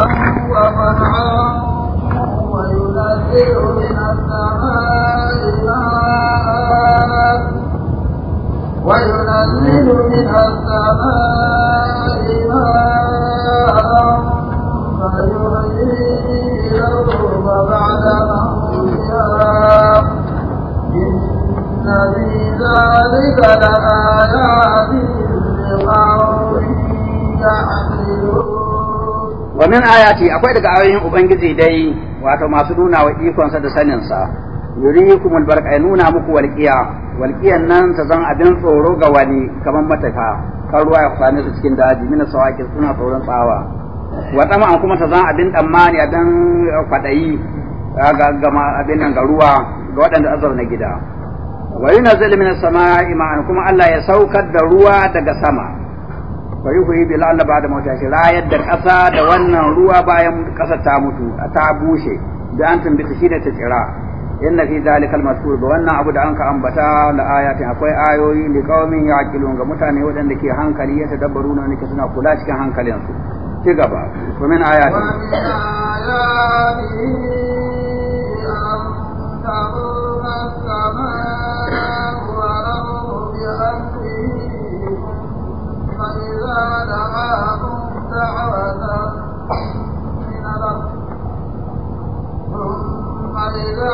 ومن عاص وينزل من min ayati akwai daga ayoyin ubangiji dai wato masu nuna wa ikon sa da saninsa yurikum barqa ya nuna muku walqiya walqiyan nan ta zan abin tsoro ga wani kaman matafa kan ruwa ya kwane su cikin daji mina sawaki suna tsoron tsawa wa tama kuma ta zan abin tsammani abin kwadayi ga abin nan ga ruwa ga waɗanda azar na gida wa yunazzilu minas sama'i ma'an kuma Allah ya saukar da ruwa daga sama fa yuhyi bil alla ba'da mawta shi rayar da kasa da wannan ruwa bayan kasa ta mutu ta bushe da an tumbi shi da ta tsira inna fi zalikal masur da wannan abu da anka ambata la ayatin akwai ayoyi li qaumin yaqilun ga mutane wadanda ke hankali ya tadabbaru na ne suna kula cikin hankalinsu ci gaba to min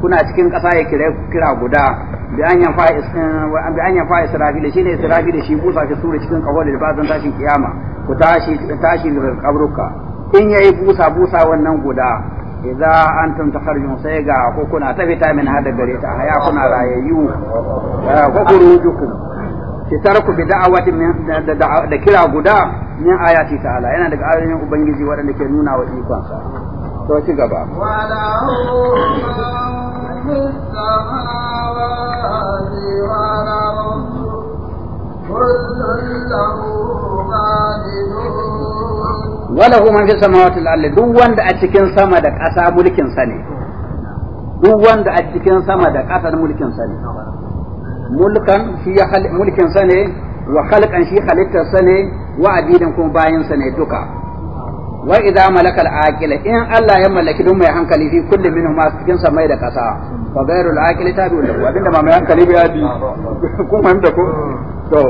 kuna cikin ƙasa ya kira kira guda bi an yanfa eh, bi an yanfa israfil shine israfil shi busa shi sura cikin kaho da bazan tashin kiyama ku tashi tashi daga kabruka in yayi busa busa wannan guda idza antum takharujun sai ga ko kuna ta fita min hada gare ta haya kuna rayayyu eh, ko ki tarku bi da'awati min da kira guda min ayati ta'ala yana daga ayoyin ubangiji waɗanda ke nuna wa ikonsa to ci gaba wala kuma والأرض كل له وله duk wanda a cikin sama da ƙasa mulkin sa ne duk wanda a cikin sama da ƙasa mulkin sa ne mulkan shi ya mulkin sa ne wa khalqan shi halittar sa ne wa abidan kuma bayin sa ne duka wa idza malaka al-aqil in Allah ya mallaki duk mai hankali fi kulli ma cikin samai da kasa fa ghayru al-aqil tabi'un lahu abinda ma mai hankali adi ko mai da ko to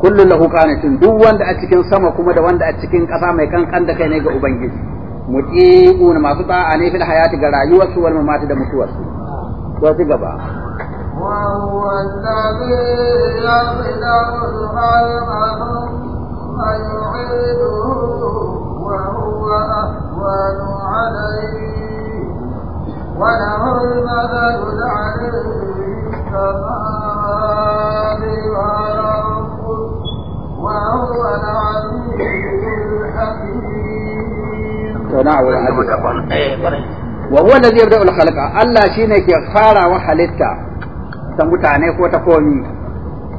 kullu lahu qanatun duk wanda a cikin sama kuma da wanda a cikin kasa mai kankan da kai ne ga ubangiji muti'un masu ta'a ne fil hayati ga rayuwarsu wal mamati da su to ci gaba وهو الذي يبدأ الخلق ثم يعيده وأهون عليه وله المدد wa huwa allazi yabda'u al-khalqa Allah shine ke wa halitta ta mutane ko ta komi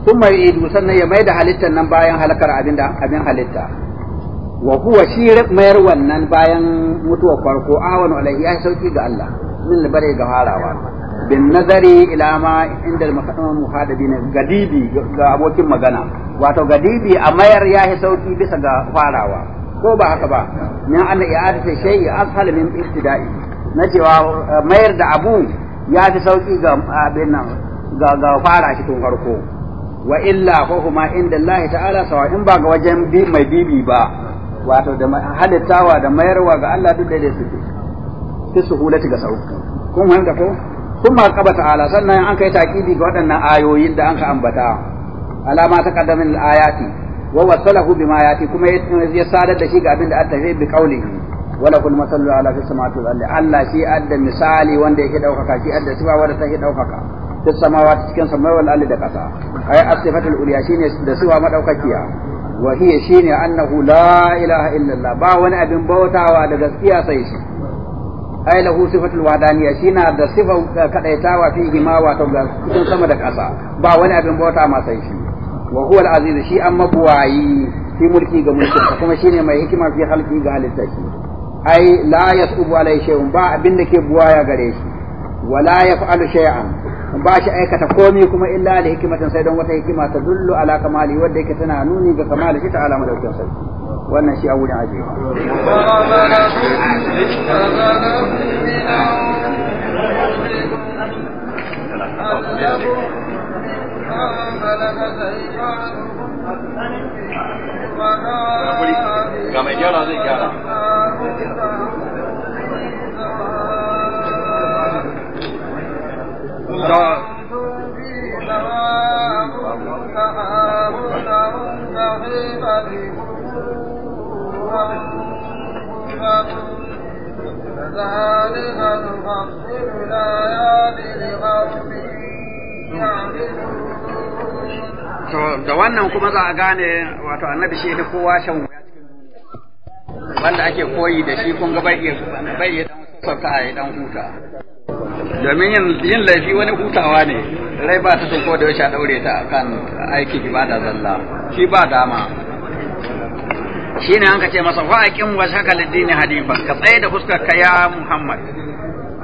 kuma yi sannan ya maida halittar nan bayan halakar abin halitta wa huwa shi mayar wannan bayan mutuwar farko awan alaihi ya sauki ga Allah min bare ga farawa bin nazari ila ma inda muhadabin gadibi ga abokin magana wato gadibi a mayar ya yi sauki bisa ga farawa ko ba haka ba min an i'adatu shay'i asal min ibtida'i na cewa eh, mayar da abu ya fi sauki ga abin nan ga ga fara shi tun farko wa illa ko kuma inda Allah ta'ala sawa in ba ga wajen bi mai bibi ba wato da halittawa da mayarwa ga Allah duk daidai suke fi suhulati ga sauki kun wanda ko kuma qaba ta'ala sannan an kai takidi ga waɗannan ayoyin da an ka ambata alama ta qaddamin ayati wa wasalahu bima yati kuma ya sadar da shi ga abin da an tafi bi qaulihi wala kul masallu ala fi samawati wal ardi Allah shi adda misali wanda yake daukaka shi adda sifa wanda take daukaka fi samawati cikin samawati wal ardi da kasa ay as-sifatul uliya shine da sifa madaukakiya wa hiya shine annahu la ilaha illallah ba wani abin bautawa da gaskiya sai shi ai lahu sifatul wahdaniya shina da sifar kadaitawa fi hima wa to ga cikin sama da ƙasa ba wani abin bauta ma sai shi wa huwa al-aziz shi an mabuwayi fi mulki ga mulki kuma shine mai hikima fi halki ga halitta shi ai la yasubu alai shay'un ba abin da ke buwaya gare shi wala yaf'alu shay'an ba shi aikata komai kuma illa da hikimatin sai don wata hikima ta dullu ala kamali wanda yake tana nuni ga kamali shi ta ala madaukin sai wannan shi a wurin ajiye Ga mai gyara zai gyara. da wannan kuma za a gane wato annabi shi da kowa shan wuya cikin duniya wanda ake koyi da shi kun ga bai iya sauka yi dan huta domin yin laifi wani hutawa ne rai ba ta sun da ya daure ta kan aiki ibada zalla shi ba dama shine an ka ce masa fa'aqim wa shaka lidini hanifan ka tsaye da fuskar ka ya muhammad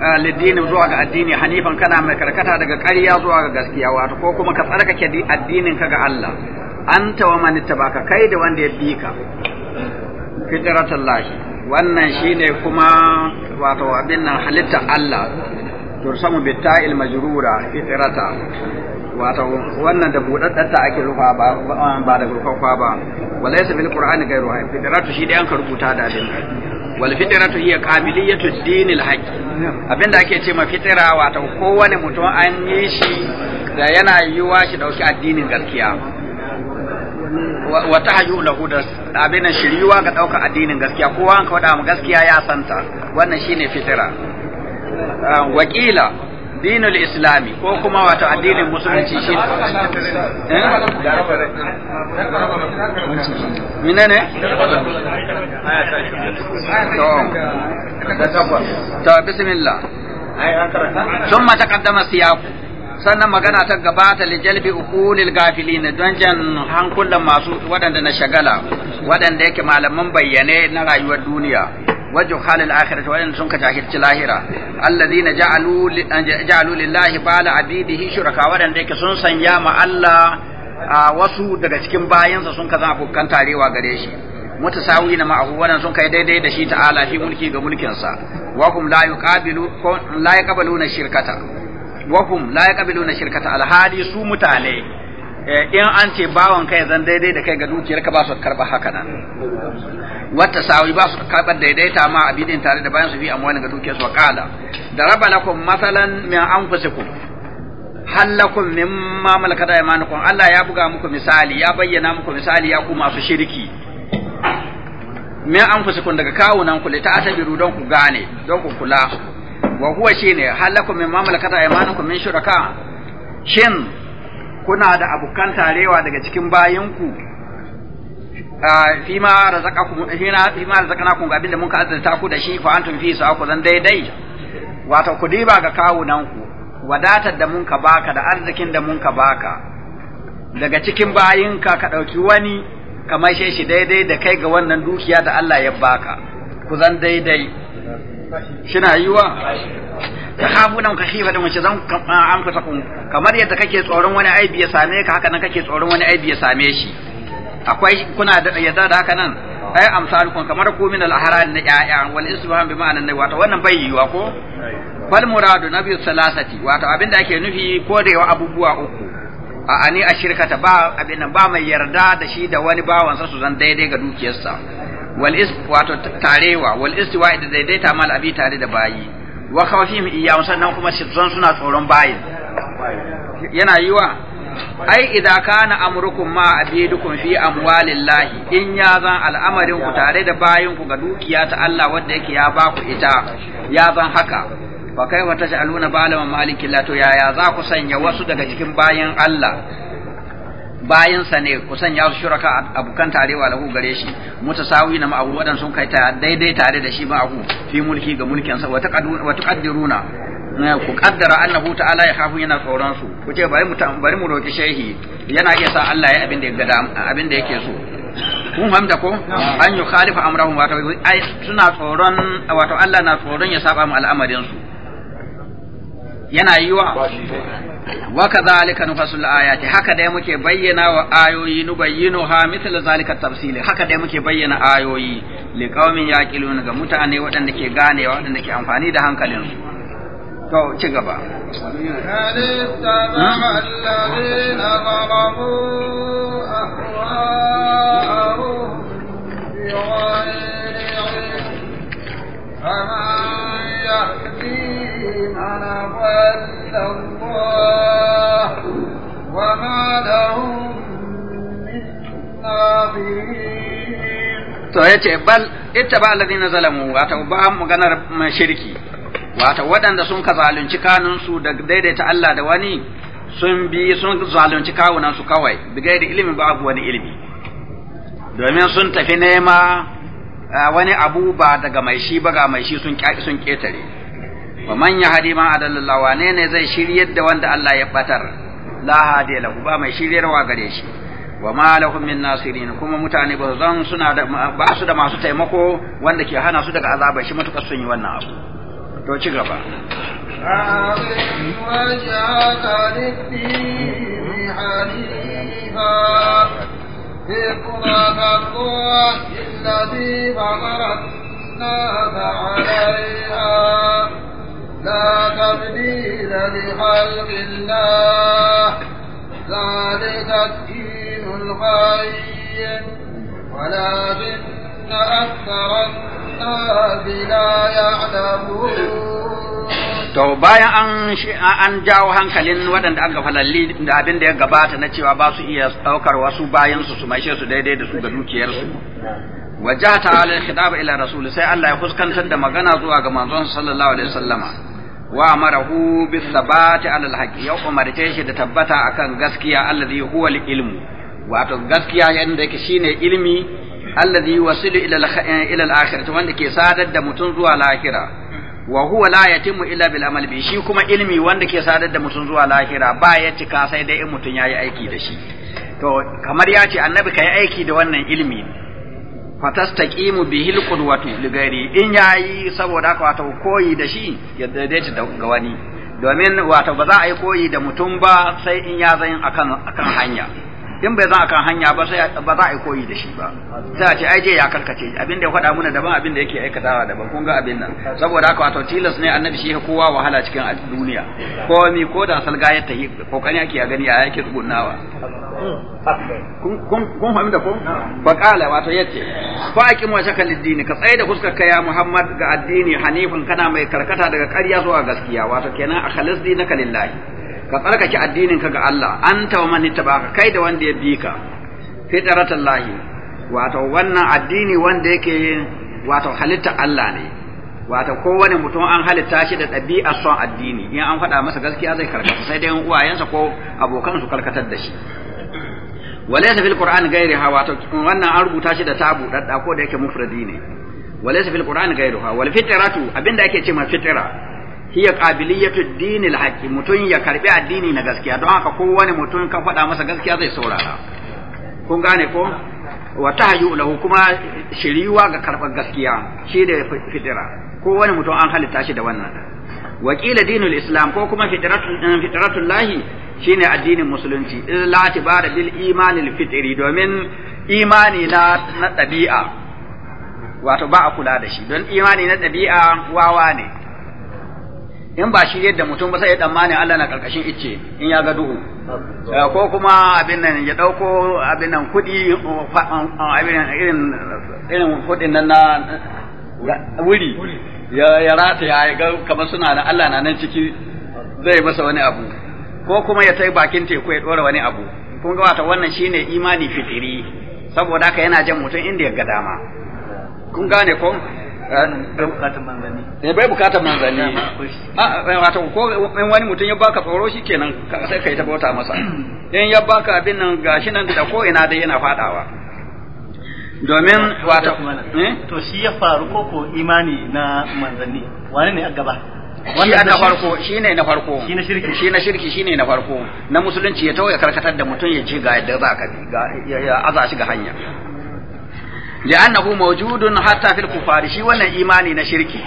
eh, lidini zuwa ga addini hanifan kana mai karkata daga ƙarya zuwa ga gaskiya wato ko kuma ka tsarkake addinin ka ga Allah anta wa man ka kai da wanda ya bi ka fitratullahi wannan shine kuma wato abin nan halitta Allah tursamu bi ta'il majrura itrata wato wannan da budaddan ta ake rufa ba ba da kwa ba walaysa bil qur'ani ghayru hay fitratu shi dai an rubuta da din wal fitratu hiya qabiliyatu dinil haqq abinda ake ce ma fitra wato kowane mutum an yi shi da yana yiwa shi dauki addinin gaskiya wa tahyu lahu da abin shiriwa ga daukar addinin gaskiya kowa an faɗa mu gaskiya ya santa wannan shine fitira ah, wakila dinul islami ko kuma wato addinin musulunci shi ne eh? ne to bismillah ثم تقدم السياق sannan magana ta gabata li jalbi uqulil gafilin don jan hankulan masu waɗanda na shagala waɗanda yake malaman bayyane na rayuwar duniya wajhu halil akhirah waɗanda sun ka jahilci lahira alladhina ja'alu ja'alu lillahi bala abidihi shuraka waɗanda yake sun sanya ma Allah wasu daga cikin bayansa sun ka zama abokan tarewa gare shi mutasawi na ma'ahu wannan sun kai daidai da shi ta'ala fi mulki ga mulkinsa wa kum la yuqabilu la yaqbaluna shirkata wahum la ya na shirkata alhali su mutane eh, in an ce bawon kai zan daidai da kai ga dukiyar ka ba su karba haka nan wata sawi ba su karbar daidaita ma abidin tare da bayan su bi amwani ga dukiyar su qala daraba lakum masalan min anfusikum hallakum mimma malakata imanukum Allah ya buga muku misali ya bayyana muku misali ya kuma su shirki min anfusikum daga kawunan ku ta atabiru don ku gane don ku kula wa huwa shine halakum min mamlakata aymanukum min shuraka shin kuna da abukan tarewa daga cikin bayinku fima razaqakum hina na razaqnakum ga abinda muka azalta ku da shi fa antum fi ku zan daidai wato ku diba ga nan ku wadatar da mun ka baka da arzikin da mun ka baka daga cikin bayinka ka ɗauki wani kamar shi daidai da kai ga wannan dukiya da Allah ya baka ku zan daidai shina yiwa ta nan ka khifa da mace zan fi takun kamar yadda kake tsoron wani aibi ya same ka haka nan kake tsoron wani aibi ya same shi akwai kuna da yadda da haka nan ai amsalukum kamar ku min al-ahran na ya'ya wal isbahan bi ma'anan nabi wato wannan bai yiwa ko fal muradu nabi salasati wato abinda ake nufi ko da yawa abubuwa uku a ani a shirkata ba abin nan ba mai yarda da shi da wani bawansa su zan daidai ga dukiyarsa wal is wato tarewa wal istiwa da daidaita mal abi tare da bayi wa khawfihim iyyahum sannan kuma zan suna tsoron bayin yana yiwa ai idza kana amrukum ma abidukum fi amwalillahi in ya zan al'amarin ku tare da bayin ku ga dukiya ta Allah wanda yake ya ba ku ita ya zan haka fa kaifa taj'aluna ba'ala malikin la to yaya za ku sanya wasu daga cikin bayin Allah bayansa ne kusan ya shuraka abokan tarewa lahu gare shi Mutu sawi na ma'ahu wadan sun kai ta daidai tare da shi ma'ahu fi mulki ga mulkin sa wata qaddiruna ku ƙaddara annabu ta'ala ya khafu yana tsoron su ku ce bari mu bari roki shehi yana iya sa Allah ya abin da ya abin da yake so kun hamda ko an yi khalifa amrahum wato suna tsoron wato Allah na tsoron ya saba mu al'amarin su yana yi wa wa kadhalika nufasul ayati haka dai muke bayyana wa ayoyi ha mithla zalika tafsili haka dai muke bayyana ayoyi li qaumin yaqilun ga mutane waɗanda ke gane waɗanda ke amfani da hankalin to ci gaba فمن to ya ce bal ita ba to na bal zalamu mu ba maganar shirki wata waɗanda sun ka zalunci kanunsu da daidaita Allah da wani sun bi sun zalunci kawunansu kawai bigai da ilimin ba abu wani ilimi domin sun tafi nema wani abu ba daga mai shi ba ga mai shi sun sun ketare wa man yahdi ma adallallahu wane ne zai shiryar da wanda Allah ya batar la hadi lahu ba mai shiryarwa gare shi wa ma lahum min nasirin kuma mutane ba zan suna da ba su da masu taimako wanda ke hana su daga azaba shi matukar sun yi wannan abu to ci gaba الذي عليها لا تبديل لخلق الله ذلك الدين القيم ولكن أكثر الناس لا يعلمون To bayan an an jawo hankalin waɗanda aka falalli da abin da ya gabata na cewa ba su iya ɗaukar wasu bayan su su maishe su daidai da su ga dukiyarsu. Wajah ta'ala al-khitab ila rasul sai Allah ya fuskantar da magana zuwa ga manzon sallallahu alaihi wasallama. wa amarahu bis sabati alal haqq ya umarce shi da tabbata akan gaskiya allazi huwa ilmu wato gaskiya yanda yake shine ilmi allazi wasilu ila ila al wanda ke sadar da mutum zuwa lahira wa huwa la yatimu illa bil amal bi shi kuma ilmi wanda ke sadar da mutum zuwa lahira ba ya cika sai dai in mutum yayi aiki da shi to kamar ya ce annabi kai aiki da wannan ilmi fatastaqimu bihil qudwatu ligari in yayi saboda haka wato koyi da shi ya daidaita da ga wani domin wato ba za a yi koyi da mutum ba sai in ya zan akan akan hanya in bai zan kan hanya ba sai ba za a yi koyi da shi ba sai a ce ai je ya karkace abin da ya faɗa muna daban abin da yake aikatawa daban kun ga abin nan saboda haka wato tilas ne annabi shi kowa wahala cikin duniya ko ni ko da salga ya tahi kokari yake ya gani ya yake tsugunawa kun kun fahimta ko ba kala wato yace fa aqim wajhaka shakal din ka tsaye da fuskar ka ya Muhammad ga addini hanifin kana mai karkata daga ƙarya zuwa gaskiya wato kenan akhalis dinaka lillahi ka tsarkake addinin ka ga Allah an tawmani tabaka kai da wanda ya bi ka fitratallahi wato wannan addini wanda yake wato halitta Allah ne wato kowane mutum an halitta shi da ɗabi'ar son addini in an faɗa masa gaskiya zai karkata sai dai uwayensa ko abokan su karkatar da shi walaysa fil qur'an ha, wato wannan an rubuta shi da tabu dadda ko da yake mufradi ne walaysa fil qur'ani ghayruha wal fitratu abinda yake ce ma fitra hiya qabiliyatu dini alhaqi mutun ya karbi addini na gaskiya don haka kowane mutun ka faɗa masa gaskiya zai saurara kun gane ko wa tahyu lahu kuma shiriwa ga karɓar gaskiya shi da fitira kowane mutum an halitta shi da wannan wa dinul islam ko kuma fitratul eh, lahi shine addinin musulunci illa tibara bil imanil fitri domin imani na na dabi'a wato ba a kula da shi don imani na dabi'a wawa ne in ba shi yadda mutum ba sai ya tsammani Allah na karkashin icce in ya ga duhu eh, ko kuma abin nan ya dauko abin nan kudi abin nan irin irin kudin nan na wuri ya ya rata ya ga kamar suna da Allah na nan ciki zai masa wani abu ko kuma ya tai bakin teku ya dora wani abu kun ga wata wannan shine imani fitiri saboda haka yana jan mutum inda ya ga dama kun gane ko bai bukatar manzanni eh, ah, eh, wato ko in wani mutum ya baka tsoro shi kenan sai kai ta bauta masa in ya baka abin nan gashi nan da ko ina dai yana fadawa domin wato eh? to shi ya faru ko ko imani na manzanni wani ne a gaba shi na farko shi ne na farko shi na shirki shi na shirki shi ne na farko na musulunci ya tawaye karkatar da mutum ya ce ga yadda za ka bi, ya aza shi ga hanya li'annahu mawjudun hatta fil kufari shi wannan imani na shirki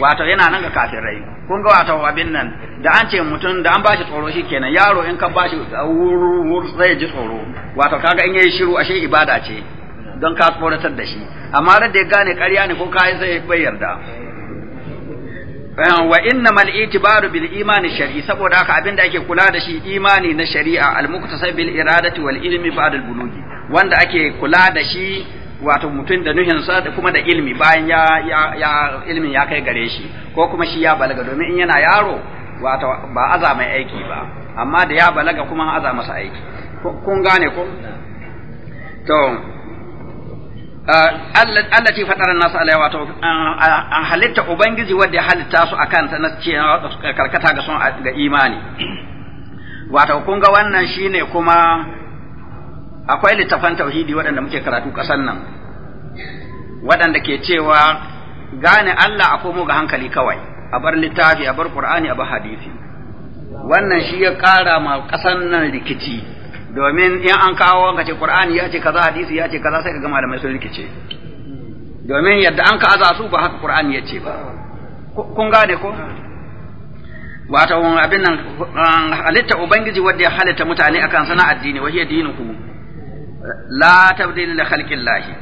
wato yana nan ga kafirai kun ga wato abin nan da an ce mutum da an bashi tsoro kenan yaro in ka bashi wur zai ji tsoro wato kaga in yayi shiru ashe ibada ce don ka tsoratar da shi amma da ya gane ƙarya ne ko kai zai bai yarda wa innamal itibaru bil imani shar'i saboda haka abinda ake kula da shi imani na shari'a al muktasab bil iradati wal ilmi ba'da al bulugi wanda ake kula da shi wato mutum da nuhinsa da kuma da ilmi bayan ya ya ilmin ya kai gare shi ko kuma shi ya balaga domin in yana yaro wato ba aza mai aiki ba amma da ya balaga kuma aza masa aiki kun gane ko to ce fatara nasu alaiha wato an halitta ubangiji wanda ya halitta su akan ta na karkata ga son ga imani wato kun ga wannan shine kuma akwai littafan tauhidi waɗanda muke karatu ƙasar nan waɗanda ke cewa gane Allah a komo ga hankali kawai a bar littafi a bar Qur'ani a bar hadisi wannan shi ya ƙara ma ƙasar nan rikici domin in an kawo wanka ce Qur'ani ya ce kaza hadisi ya ce kaza sai ka ga malamai sun rikice domin yadda an ka aza su ba haka Qur'ani ya ce ba kun gane ko wato abin nan halitta ubangiji wanda ya halitta mutane akan sana'ar dini wa hiya ku. la tabdil li khalqillahi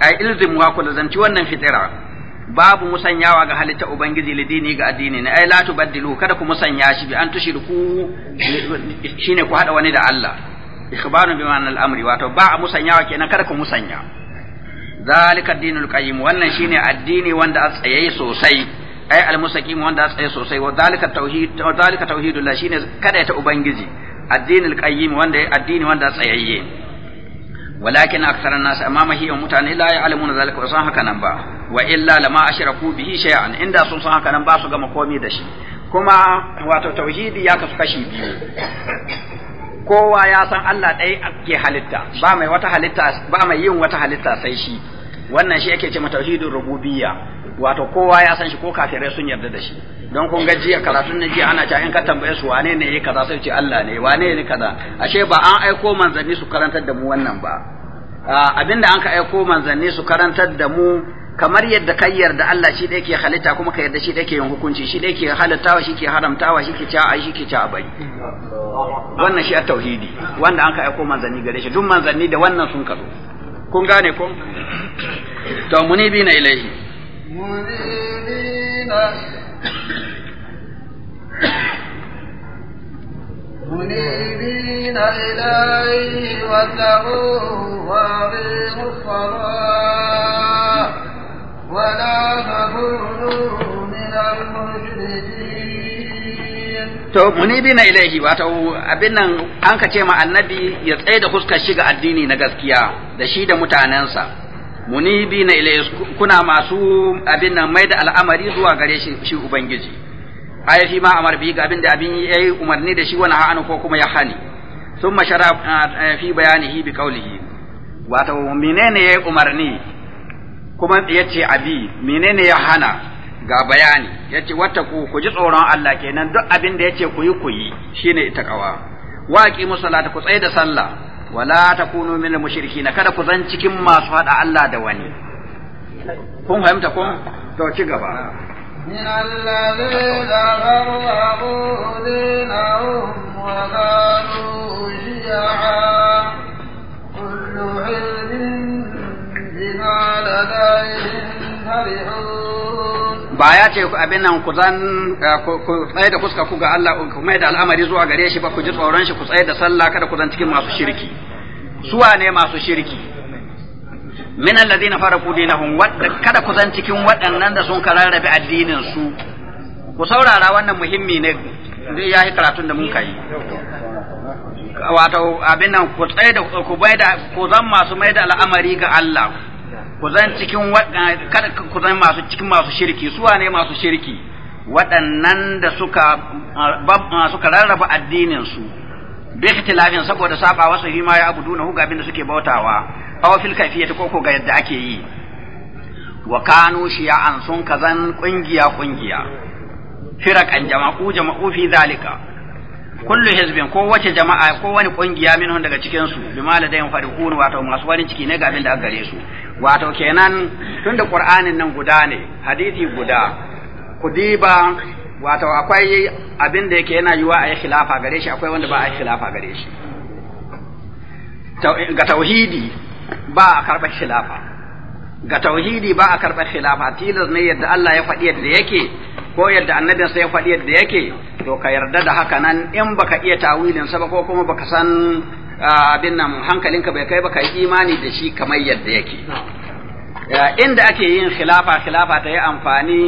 ay ilzim wa kullu zanti wannan fitira babu musanyawa ga halitta ubangiji dini ga addini ne ay la tubaddilu kada ku musanya shi bi an tushriku shine ku hada wani da Allah ikhbaru bi ma'anal amri wato ba a musanyawa kenan kada ku musanya zalika dinul qayyim wannan shine addini wanda a tsaye sosai ai almustaqim wanda a tsaye sosai wa zalika tauhid wa zalika tauhidullah shine kada ta ubangiji addinul qayyim wanda addini wanda a tsayayye walakin aksar nasu amma mahiyan mutane la ya'lamuna zalika san haka nan ba wa illa lama ashraku bihi shay'an inda sun san haka nan ba su gama komai da shi kuma wato tauhidi ya kashi biyu kowa ya san Allah ɗaya ke halitta ba mai yin wata halitta sai shi wannan shi ake ce tauhidin rububiyya wato kowa ya san shi ko kafirai sun yarda da shi don kun ga jiya karatun na jiya ana cewa in ka tambaye su wane ne ya kaza sai ce Allah ne wane ne kaza ashe ba an aiko manzanni su karantar da mu wannan ba abinda an ka aiko manzanni su karantar da mu kamar yadda kai yarda Allah shi ɗaya ke halitta kuma ka yarda shi ɗaya ke yin hukunci shi ɗaya ke halittawa shi ke haramtawa shi ke ci a shi ke ci a wannan shi a tauhidi wanda an ka aiko manzanni gare shi duk manzanni da wannan sun kazo kun gane ko to muni bi na ilaihi منيبين منيبين إليه واتقوه وأقيموا الصلاة ولا تكونوا من المشركين. To munibina ilaihi wato abin nan an ka ce ma annabi ya tsaye da fuskar shiga addini na gaskiya da shi da mutanensa. na ilayhi kuna masu abin nan mai da al'amari zuwa gare shi shi ubangiji ay fi ma amar bi ga abin da abin yayi umarni da shi wani ha'anu ko kuma ya hani thumma shara fi bayanihi bi qawlihi wato menene yayi umarni kuma yace abi menene ya hana ga bayani yace wata ku ji tsoron Allah kenan duk abin da yace ku yi ku yi shine ita kawa waqi musallata ku tsaye da sallah wala takunu min al kada ku zan cikin masu hada Allah da wani kun fahimta kun? to ci gaba من الذين فرقوا دينهم وكانوا شيعا كل بما لديهم فرحون ba ya ce abin nan ku zan eh, ku tsaye da fuska ku ga Allah ku mai da al'amari zuwa gare shi ba ku ji tsoron shi ku tsaye da sallah kada ku zan cikin masu shirki suwa ne masu shirki min alladhina faraqu dinahum kada ku zan cikin waɗannan da sun kararrabe addinin su ku saurara wannan muhimmi ne ya yi karatun da mun kai wato abin nan ku tsaye da ku bai da ku zan masu mai da al'amari ga Allah ku zan cikin kada ku zan masu cikin masu shirki su wane masu shirki waɗannan da suka suka rarraba addinin su bi ikhtilafin saboda saba wasu hima ya abudu na hugabin da suke bautawa aw fil kayfiyati ko ko ga yadda ake yi wa kanu shiya'an sun kazan kungiya kungiya firaqan jama'u jama'u fi zalika kullu hizbin ko wace jama'a ko wani kungiya minhum daga cikin su bima la dayan farihun wato masu wani ciki ne ga abin da aka gare su wato kenan tunda qur'anin nan guda ne hadisi guda kudiba wato akwai abin da yake yana yiwa a yi khilafa gare shi akwai wanda ba a yi khilafa gare shi ga tauhidi ba a karɓar khilafa ga tauhidi ba a karɓar khilafa tilas ne yadda Allah ya faɗi yadda yake ko yadda annabinsa ya faɗi yadda yake to ka yarda da haka nan in baka iya tawilin sa ba ko kuma baka san abin nan hankalinka bai kai ba ka imani da shi kamar yadda yake inda ake yin khilafa khilafa ta yi amfani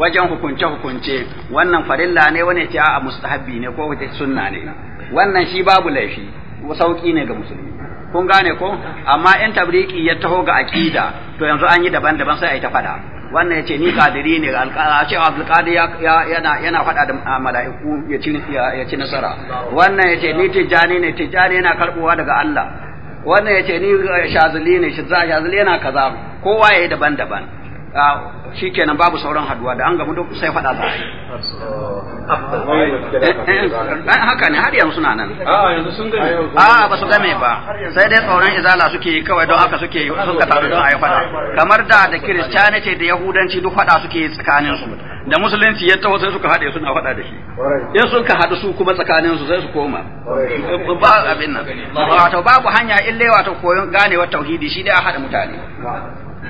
wajen hukunce hukunce wannan farilla ne wani ce a mustahabbi ne ko wata sunna ne wannan shi babu laifi sauki ne ga musulmi kun gane ko amma in tabriki ya taho ga aqida to yanzu an yi daban-daban sai a yi ta fada wannan ya ce ni kadiri ne a ce ya yana yana faɗa da mala'iku ya ci ya ci nasara wannan ya ce ni tijjani ne tijjani yana karbowa daga Allah wannan ya ce ni shazili ne shazili yana kaza kowa yayi daban-daban Ah, shi kenan babu sauran haduwa da an gamu duk sai faɗa za a ah, eh, eh, eh, haka ne har yanzu suna nan a ah, ba su game ba sai dai tsoron izala suke yi kawai don haka suke yi sun kasar taru don a yi faɗa kamar da da kiristiyani ce da yahudanci duk faɗa suke tsakanin su da musulunci ya taho sai suka haɗe suna faɗa da shi in sun ka haɗu su kuma tsakanin su sai su koma ba abin nan wato babu hanya ille ta koyon ganewar tauhidi shi dai a haɗa mutane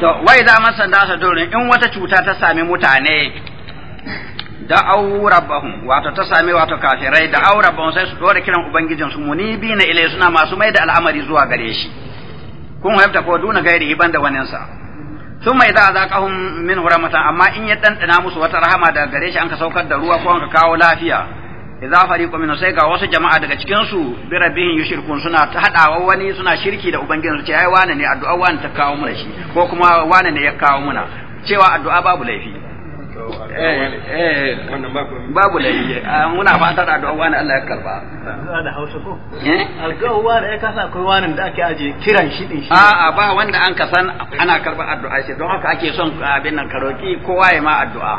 to wai za masa nasa dole in wata cuta ta sami mutane da au wato ta sami wato kafirai da au sai su dora kiran ubangijin su munibi na ilai suna masu mai da al'amari zuwa gare shi kun haifta ko duna gairi iban da waninsa sa mai إذا min منه amma in ya ya أنا musu wata rahama daga gare shi an ka saukar da ruwa ko an ka kawo lafiya idza fariqu min sai wasu jama'a daga cikin su bi rabbihin yushrikun suna hadawa wani suna shirki da ubangijin su ce ai wane ne addu'a wani ta kawo muna shi ko kuma wane ne ya kawo muna cewa addu'a babu laifi babu laifi muna fatar addu'a wani Allah ya karba da Hausa ko eh alƙawo wane ya kasa akwai wani da ake aje kiran shi din shi a'a ba wanda an kasan ana karba addu'a shi don haka ake son abin nan karoki kowa ya ma addu'a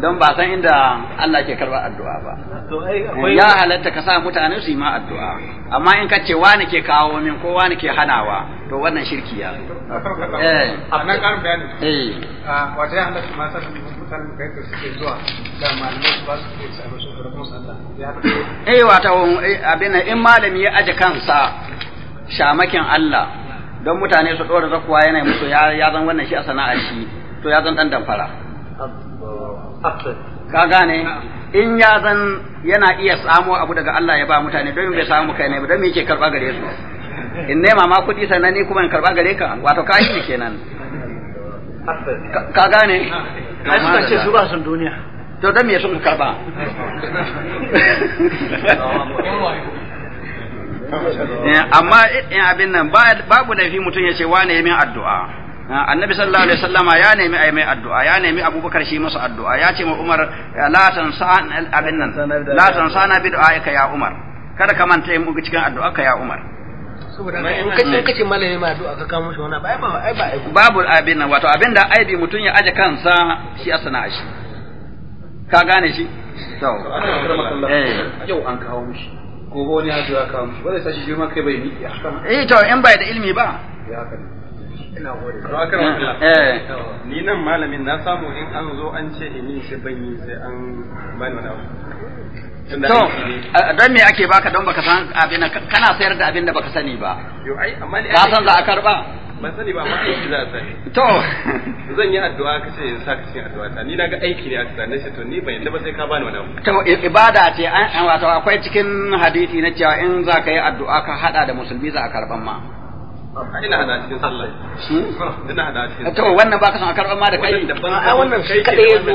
don ba san inda Allah ke karba addu'a ba ya halatta ka sa mutane su yi ma addu'a amma in ka ce wani ke kawo min ko wani ke hanawa to wannan shirki ya eh a nan karin bayani eh ah, wata ya halatta ma sa mutane kai da suke zuwa da malamai su ba su ke sa su farkon sallah ya eh wata eh, abin in malami ya aje kansa shamakin Allah don mutane su dora zakuwa yana musu ya zan wannan shi a sana'ar shi to ya zan dan damfara ka gane in ya zan yana iya samo abu daga Allah ya ba mutane don bai samu kai ne ba don me yake karba gare su in nema ma kuɗi sannan ni kuma in karba gare ka wato ka yi kenan ka gane ai suka ce su ba sun duniya to don me sun karba eh, amma abin nan babu laifi mutum ya ce wane min addu'a annabi sallallahu alaihi wasallama ya nemi ai mai addu'a ya nemi abubakar shi masa addu'a ya ce ma umar la tansa abin nan la san na bi ka ya umar kada ka manta yin buga cikin addu'a ka ya umar saboda in kace in kace malami ma addu'a ka kawo mishi wannan ba ai ba ai babu abin nan wato abin da aibi mutun ya aje kansa shi asana shi ka gane shi to eh. yau an kawo mishi gobe wani ya zo kawo mishi wanda sai shi girma kai bai ni eh to in bai da ilimi ba ya haka Eh. ni nan malamin na samu in an zo an ce in yi sai ban yi sai an bani wani abu to dan me ake baka don baka san abin kana sayar da abin da baka sani ba yo ai amma ba ka san za a karba ban sani ba amma aiki za a sani to zan yi addu'a ka ce in sa ka cikin addu'a ta ni na ga aiki ne a cikin nace to ni ban da ba sai ka bani wani abu to ibada ce an wato akwai cikin hadisi na cewa in za ka yi addu'a ka hada da musulmi za a karban ma ina da cikin sallah ina hada cikin to wannan baka son a karban ma da kai a wannan shi kada ya zo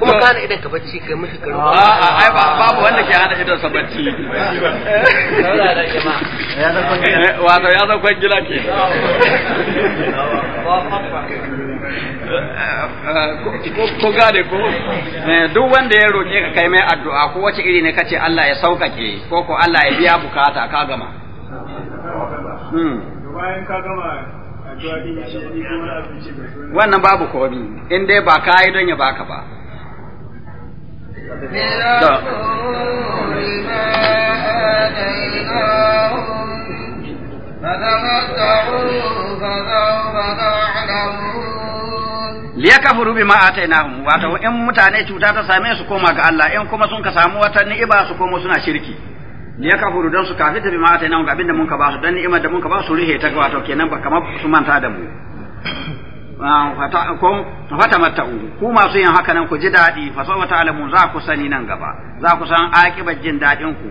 kuma kana idan ka bacci kai mishi karo a a ai babu wanda ke hada idan sa bacci eh, wato ya zan kwangila ke ko gane ko eh, duk wanda ya roƙe ka kai mai addu'a ko wace iri ne kace Allah ya sauƙaƙe ko ko Allah ya biya bukata ka gama Hmm. wannan babu komi in ba ka yi don ya baka ba liyakafuru bima atainahum wata in mutane cuta ta same su koma ga Allah in kuma sun ka samu wata ni'iba su koma suna shirki ya kafuru don su kafirta bi ma nan ga abinda mun ka ba su don ni'imar da mun ka ba su rihe ta wato kenan ba kamar su manta da mu fata mata ku masu yin haka nan ku ji daɗi faso wa wata alamu za ku sani nan gaba za ku san aƙibar jin daɗin ku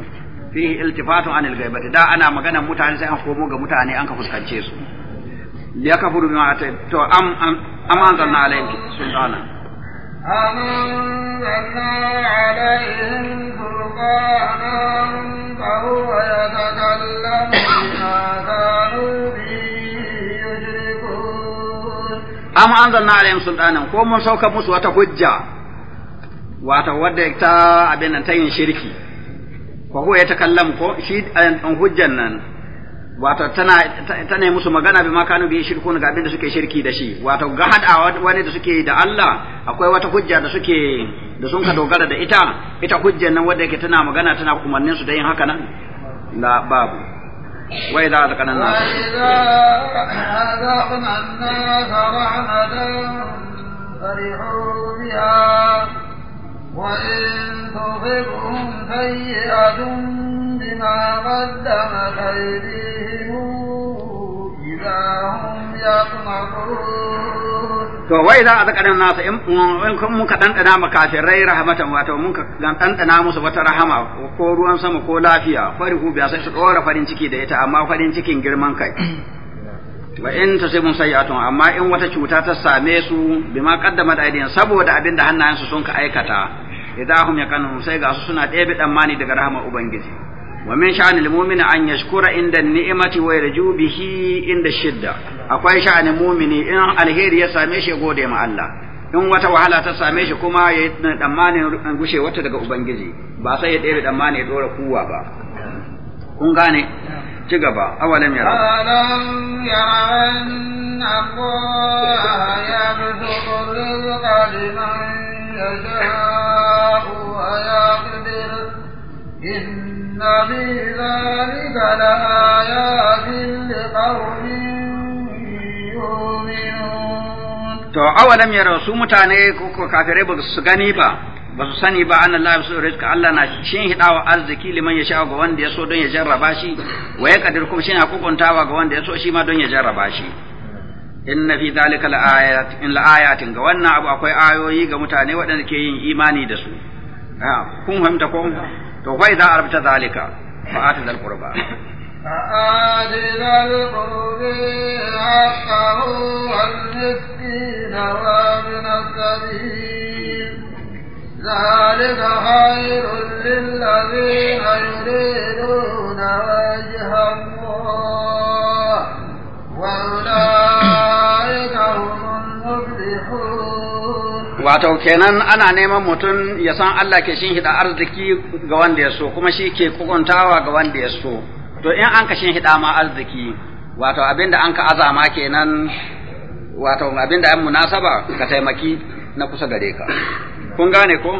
fihi iltifatun an gaibati da ana magana mutane sai an komo ga mutane an ka fuskance su liyakafuru bima atay to am am am anzalna alayhi sultana am anzalna alaihim sultanan ko mun sauka musu wata hujja wata wadda ta abin nan ta yin shirki ko ya ta kallam ko shi an hujjan nan wato tana tana musu magana bi makanu bi shirku ga da suke shirki da shi wato ga hada wani da suke da Allah akwai wata hujja da suke da sun ka dogara da ita ita hujjar nan wanda yake tana magana tana kumannin su da yin haka nan la babu Wai da zakana na وإن تصبهم سيئة بما قدمت أيديهم إذا هم to wai za a zaka dan nasa in kun muka dandana makafirai rahmatan wato mun ka dandana musu wata rahama ko ruwan sama ko lafiya farihu biya sai su dora farin ciki da ita amma farin cikin girman kai wa in ta sai mun sayyi'atun amma in wata cuta ta same su bima qaddamat aydin saboda abinda hannayensu sun ka aikata idahum yakanun sai ga su suna ɗebe tsammani daga rahama ubangiji wa min sha'anil mu'mini an yashkura inda ni'mati wa yarju bihi inda shidda akwai sha'anin mu'mini in alheri ya same shi gode ma Allah in wata wahala ta same shi kuma ya yi tsammanin gushe wata daga ubangiji ba sai ya ɗebe tsammani ya dora kuwa ba kun gane ci gaba awalin yara ya bisu To, awalam ya rasu mutane ko لقوم ba su gani ba, ba su sani ba an Allah su rizka Allah na cin hidawa arziki liman ya sha ga wanda ya so don ya jarraba shi wa ya kadir kuma shi na hukuntawa ga wanda ya so shi ma don ya jarraba shi inna fi zalika la'ayat in ga wannan abu akwai ayoyi ga mutane waɗanda ke yin imani da su kun fahimta ko to za a rubuta zalika fa atid al qurba فآتِ ذا القرب حقه والمسكين وابن السبيل ذلك خير للذين يريدون وجه الله wato kenan ana neman mutum ya san Allah ke shin hida arziki ga wanda ya so kuma shi ke kukuntawa ga wanda ya so to in an ka shin hida ma arziki wato abinda an ka azama kenan wato abinda an munasaba ka taimaki na kusa gare ka kun gane ko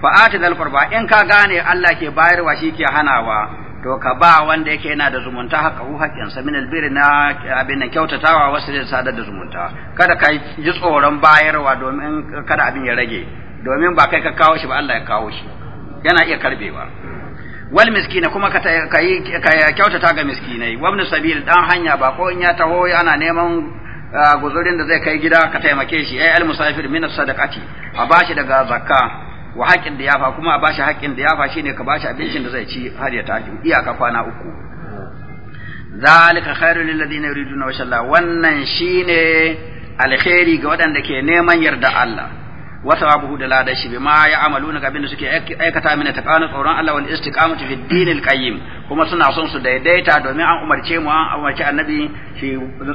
fa'ati dal qurba in ka gane Allah ke bayarwa shi ke hanawa to ka ba wanda yake yana da zumunta haka hu sa min albiri na abin nan kyautatawa wasu da sadar da zumunta kada ka ji tsoron bayarwa domin kada abin ya rage domin ba kai ka kawo shi ba Allah ya kawo shi yana iya karbewa wal miskina kuma ka kyautata ga miskinai wabnu sabil dan hanya ba ko in ya taho yana neman ah, guzurin da zai kai gida ka taimake shi ai al musafir min sadaqati a bashi daga zakka wa haƙin da fa kuma a ba shi haƙin da fa shine ka ba shi abincin da zai ci har ya tashi iyaka kwana uku zalika khairul lil ladina yuriduna wajha Allah wannan shine alkhairi ga waɗanda ke neman yarda Allah wa thawabuhu da ladan ma ya amalu na gabin da suke aikata mina taqanu tsoron Allah wal istiqamatu fi dinil qayyim kuma suna son su daidaita domin an umarce mu an umarci annabi shi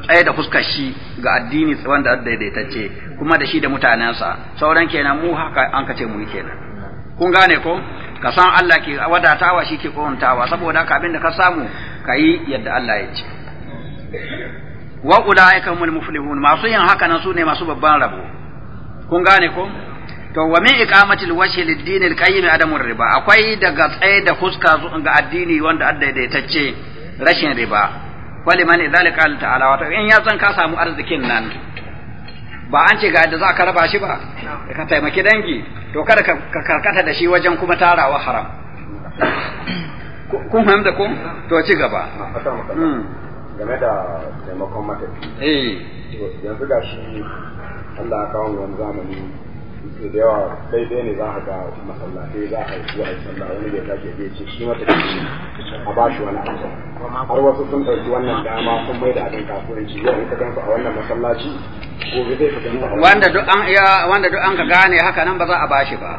tsaye da fuskar shi ga addini wanda ce kuma da shi da sa sauran kenan mu haka an kace mu kenan kun gane ko ka san Allah ke wadatawa shi ke kowuntawa saboda haka da ka samu ka yi yadda Allah ya ce wa ulaika muflihun masu yin haka nan sune masu babban rabo kun gane ko to wa min iqamatil wajhi lid-din al-qayyim adamur riba akwai daga tsaye da fuska ga addini wanda addaidaitacce rashin riba wali man idhalika qala ta'ala wato in ya san ka samu arzikin nan ba an ce ga yadda za ka raba shi ba ka taimaki dangi to kada ka karkata da shi wajen kuma tarawa haram kun fahimta ko to ci gaba hmm. game da taimakon matafi eh. yanzu ga shi Allah ya kawo wani zamani to da yawa daidai ne za a ga masallaci, za a zuwa wa sallah wani bai tashi bai ce shi mata a ba shi wani abu har wasu sun ɗauki wannan dama sun mai da abin kasuwanci yau in ka gansu a wannan masallaci gobe zai ka gansu wanda duk an ya wanda duk an ka gane haka nan ba za a bashi ba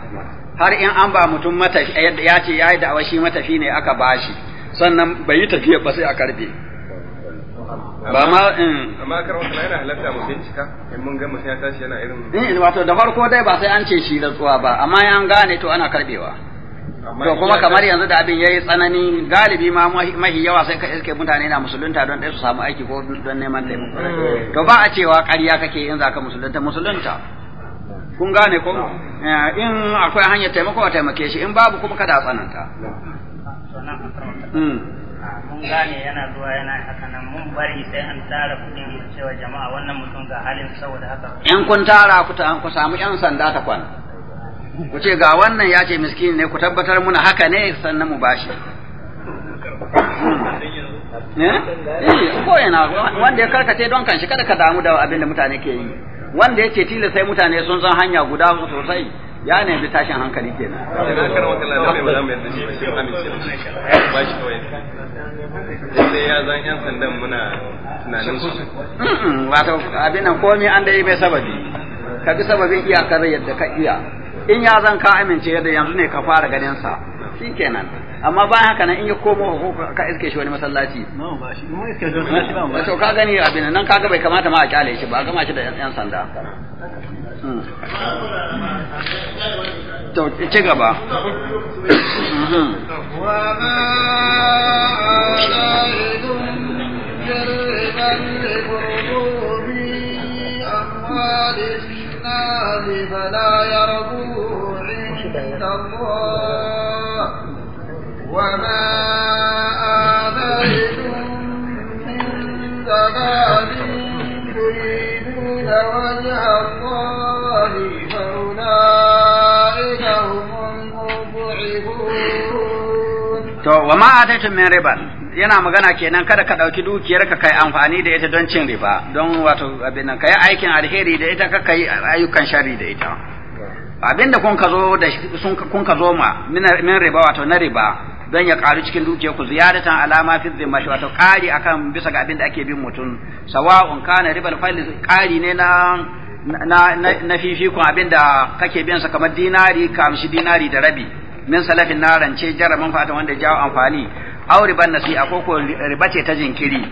har in an ba mutum matafi ya ce ya yi da'awa shi matafi ne aka bashi sannan bai yi tafiya ba sai a karbe ba ma eh. amma kar wasu yana halatta mu bincika in mun ga mutum ya tashi yana irin eh wato da farko dai ba sai an ce shi rantsuwa ba amma an gane to ana karbewa to kuma kamar yanzu da abin yayi tsanani galibi ma mahi yawa sai ka iske mutane na musulunta don dai su samu aiki ko don neman taimako eh. to ba a cewa ƙarya kake in zaka musulunta musulunta kun gane ko eh, in akwai hanyar taimako a taimake shi in babu kuma kada a tsananta mun gane yana zuwa yana haka nan mun bari sai an tara kuɗi mu cewa jama'a wannan mutum ga halin saboda haka in kun tara ku ku samu yan sanda ta kwana ku ce ga wannan ya ce miskin ne ku tabbatar muna haka ne sannan mu bashi hmm. eh? Eh, ko yana wanda ya karkace don kanshi kada ka damu da abin da mutane ke yi wanda ya ce tilas sai mutane sun san hanya guda sosai ya ne bi tashin hankali kenan daga ya zan yan sandan muna wato abin nan komi an da yi mai sababi ka bi sababin iyakar yadda ka iya in ya zan ka amince yadda yanzu ne ka fara ganin sa shi kenan amma bayan haka nan in ya komo ka iske shi wani masallaci to ka gani abin nan kaga bai kamata ma a kyale shi ba gama shi da yan sanda to ci gaba فلا يرجو عند الله وما آتيتم من زكاة تريدون وجه الله To, wa ma تو وما آتيتم yana magana kenan kada ka ɗauki dukiyar ka kai amfani da ita don cin riba don wato abin nan kai aikin alheri da ita ka kai ayyukan shari da ita abinda kun ka zo da sun kun ka zo ma min riba wato na riba don ya ƙaru cikin dukiyar ku ziyaratan alama fi zimashi wato ƙari akan bisa ga abin da ake bin mutum sawa'un kana ribar fali ƙari ne na na fifikun abin da kake biyan sa kamar dinari ka amshi dinari da rabi min salafin na rance jaramin fata wanda ya jawo amfani aw riban nasi akoko ko riba ce ta jinkiri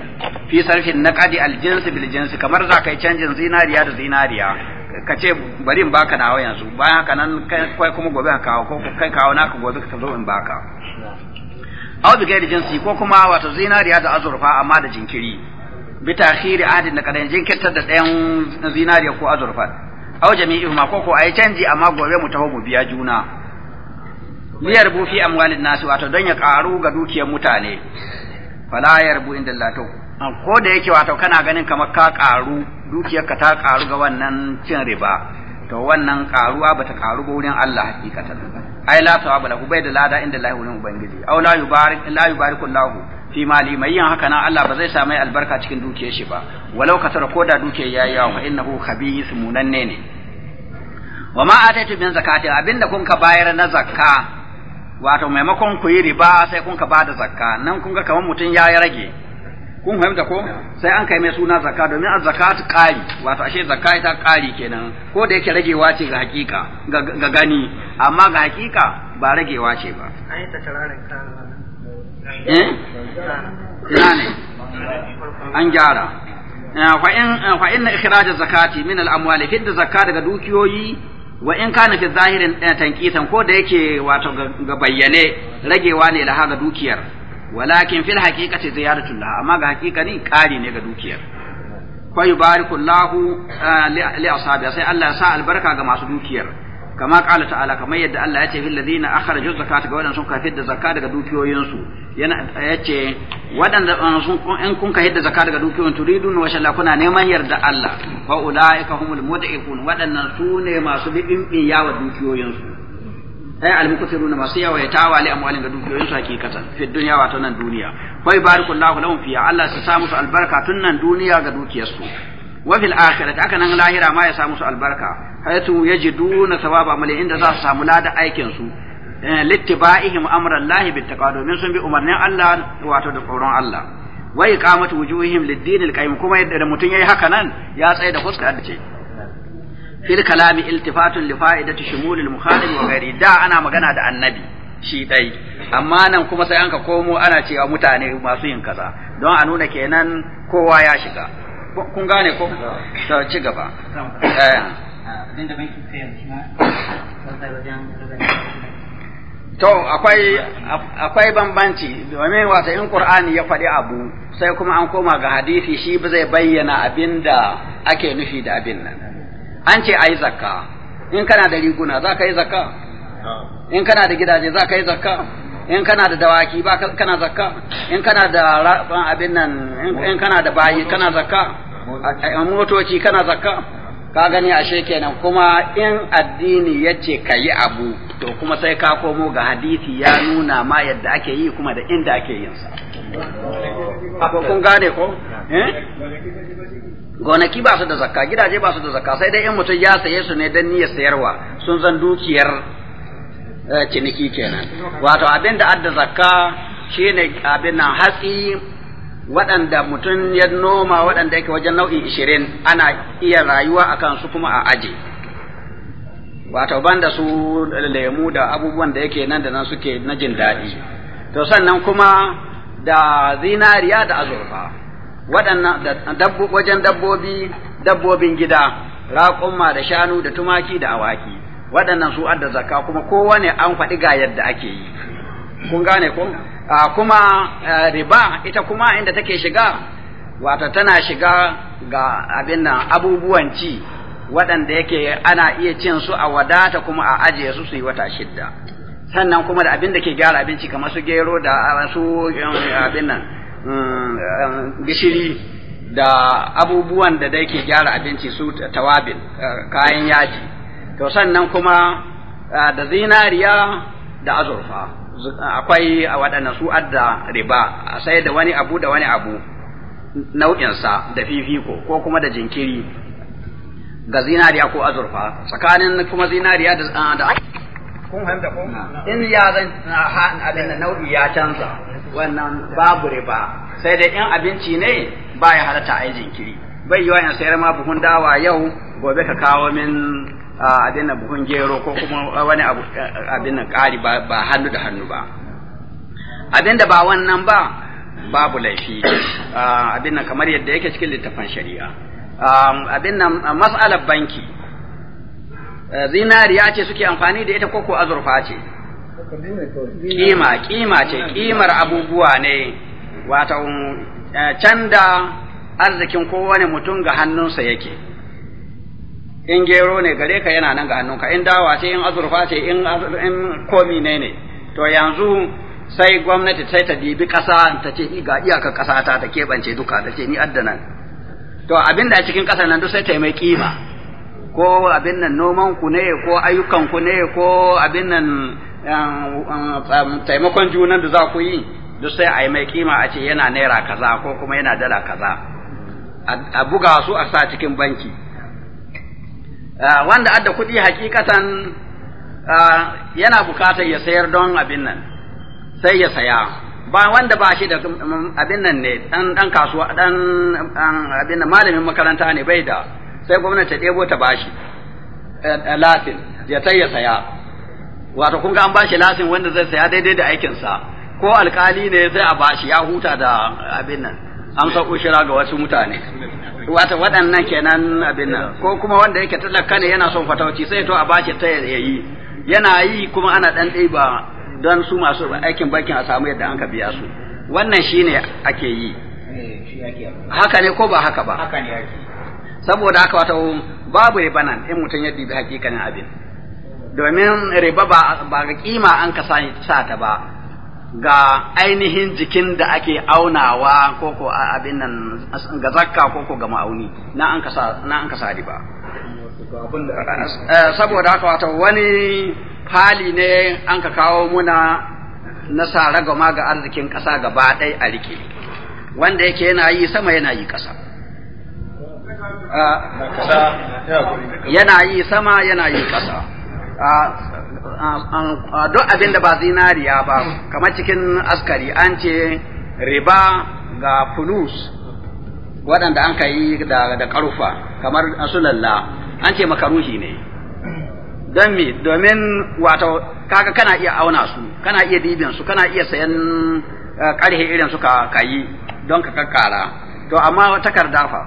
fi sarfin naqadi aljinsi bil jins kamar za kai canjin zinariya da zinariya ka ce bari in baka nawa yanzu bayan haka nan kai kuma gobe ka kawo ko kai kawo naka gobe ka zo in baka aw bi gairi jinsi ko kuma wato zinariya da azurfa amma da jinkiri bi ta'khiri ahadin naqadain jinkirtar da ɗayan zinariya ko azurfa aw jami'ihuma ko ko ayi canji amma gobe mu taho mu biya juna liyar bu fi amwalin nasu wato don ya karu ga dukiyar mutane fala yarbu inda lato ko da yake wato kana ganin kamar ka karu dukiyarka ta karu ga wannan cin riba to wannan karuwa bata karu ga wurin Allah hakikatan ai la sawaba lahu bai da lada inda lahi wurin ubangiji aw la yubarik la yubarikullahu fi mali mai yin haka nan Allah ba zai sa mai albarka cikin dukiyar shi ba walau ka tsara da dukiyar yayi yawa fa innahu khabith munanne ne wa ma ataitu min zakati abinda kun ka bayar na zakka wato maimakon ku yi riba sai kun ka bada zakka nan kun ga kamar mutun ya rage kun fahimta ko sai an kai mai suna zakka domin az zakat ƙari wato ashe zakka ita ƙari kenan ko da yake ragewa ce ga hakika ga gani amma ga hakika ba ragewa ce ba Eh? an gyara eh, fa in eh, fa zakati min daga dukiyoyi wa in kana fi zahirin tanqitan ko da yake wato ga bayyane ragewa ne laha ga dukiyar walakin fil haqiqati ziyaratul laha amma ga haqiqa ne kari ne ga dukiyar fa yubarikullahu li ashabi sai Allah ya sa albarka ga masu dukiyar kama qala ta'ala kamar yadda Allah ya ce fil ladina akhraju zakata ga wadansu ka fidda zakka daga dukiyoyinsu yana yace wadanda eh, sun in kun ka hidda daga dukiyoyin turidun wa shalla kuna neman yarda Allah fa ulaika humul mud'ifun wadannan su ne masu bibin yawa dukiyoyinsu ai eh, almuqtirun masu yawa ya tawali amwalin ga dukiyoyinsu hakikatan fi dunya wa nan duniya fa yubarikullahu lahum fiya Allah su sa musu albarka tun nan duniya ga dukiyarsu wafil fil akhirati aka nan lahira ma ya sa musu albarka hayatu yajiduna thawaba mali inda za su samu lada aikin su eh, littiba'ihim amran lahi bittaqa domin sun bi umarnin Allah wato da tsoron Allah wa iqamatu wujuhihim lid-din al-qayyim kuma yadda mutum yayi haka nan ya tsaye da fuska da ce fil kalami iltifatun li fa'idati shumul al-mukhalif wa ghairi da ana magana da annabi shi dai amma nan kuma sai an ka komo ana cewa mutane masu yin kaza don a nuna kenan kowa ya shiga kun gane ko ta ci gaba eh. ah, to akwai akwai bambanci domin wata in qur'ani ya faɗi abu sai kuma an koma ga hadisi shi ba zai bayyana abinda ake nufi da abin nan an ce ayi zakka in kana da riguna za ka yi zakka ah. in kana da gidaje za ka yi zakka in kana da dawaki ba kana zakka in kana da rabban abin nan in kana da bayi kana zakka a motoci kana zakka ka gani ashe kenan kuma in addini ya ce ka yi abu to kuma sai ka komo ga hadisi ya nuna ma yadda ake yi kuma da inda ake yin sa ko kun gane ko eh? gonaki ba su da zakka gidaje ba su da zakka sai dai in mutum ya saye su ne don niyyar sayarwa sun zan dukiyar Eh, ciniki kenan wato abin da adda zakka shine abin nan hatsi waɗanda mutum ya noma waɗanda yake wajen nau'in ishirin ana iya rayuwa a kansu kuma a aje wato banda su lemu da abubuwan da yake nan da nan suke na jin daɗi to sannan kuma da zinariya da azurfa waɗannan wajen dabbobi dabbobin gida raƙumma da shanu da tumaki da awaki waɗannan su adda zakka kuma kowa an faɗi ga yadda ake yi kun gane ko kuma riba ita kuma inda take shiga wata tana shiga ga abin nan abubuwan ci waɗanda yake ana iya cin su a wadata kuma a ajiye su su yi wata shidda sannan kuma da abin da ke gyara abinci kamar su gero da su um, abin nan um, gishiri da abubuwan da dai ke gyara abinci su tawabin uh, kayan yaji to sannan kuma da zinariya da azurfa akwai a waɗanda su adda riba a sai da wani abu da wani abu nau'insa da fifiko ko kuma da jinkiri ga zinariya ko azurfa tsakanin kuma zinariya da kun hanta ko in ya zan abin da nau'i ya canza wannan babu riba sai da in abinci ne ba ya halatta a yi jinkiri bai yiwa in sayar ma buhun dawa yau gobe ka kawo min abin nan buhun gero ko kuma wani abin nan ƙari ba hannu da hannu ba abin da ba wannan ba babu laifi abin kamar yadda yake cikin littafin shari'a abin nan mas'alar banki zinariya ce suke amfani da ita koko azurfa ce kima kima ce kimar abubuwa ne wata eh, can da arzikin kowane mutum ga hannunsa yake in gero ne gare ka yana nan ga hannunka in dawa ce in azurfa ce in in komi ne ne to yanzu sai gwamnati sai ta dibi kasa ta ce ga iyakar kasa ta ta keɓance duka ta ce ni addana to abin da cikin kasa nan duk sai ta yi mai kima ko abin nan noman ku ne ko ayyukan ku ne ko abin nan um, um, taimakon junan da za ku yi duk sai a yi mai kima a ce yana naira kaza ko kuma yana dala kaza a buga su a sa cikin banki Ah, wanda adda kuɗi hakikatan ah, yana bukatar ya sayar don abin nan sai ya saya ba wanda ba shi da mm, abin nan ne dan dan kasuwa dan abin nan malamin makaranta ne bai da sai gwamnati ta ɗebo ta bashi eh, eh, latin ya ta' ya saya wato kun ga an bashi lasin wanda zai saya daidai da aikinsa ko alkali ne zai a bashi ya huta da abin nan an sa ushira ga wasu mutane wata waɗannan kenan abin nan ko kuma wanda yake talaka ne yana son fatauci sai to a bace ta yayi yana yi kuma ana dan ba don su masu aikin bankin a samu yadda an ka biya su wannan shine ake yi haka ne ko ba haka ba haka ne saboda haka wata babu nan, in mutum ya dibi hakikanin abin domin riba ba ga kima an ka sa ta ba ga ainihin jikin da ake aunawa ko ko abin nan ga zakka ko ko ga ma'auni na an kasa na an kasa riba eh, saboda haka wato wani hali ne an ka kawo muna na sara gama ga arzikin ƙasa gaba ɗai a rike wanda yake yana yi sama yana yi ƙasa eh, yana yi sama yana yi ƙasa ah, Ah, ah, duk abin da ba zinariya ba kamar cikin askari an ce riba ga fulus waɗanda an ka yi da ƙarfa kamar asulalla an ce makaruhi ne don me domin wato kaga kana iya auna su kana iya dibin su kana iya sayan eh, ƙarhe irin su ka yi don ka kakkara to amma takarda fa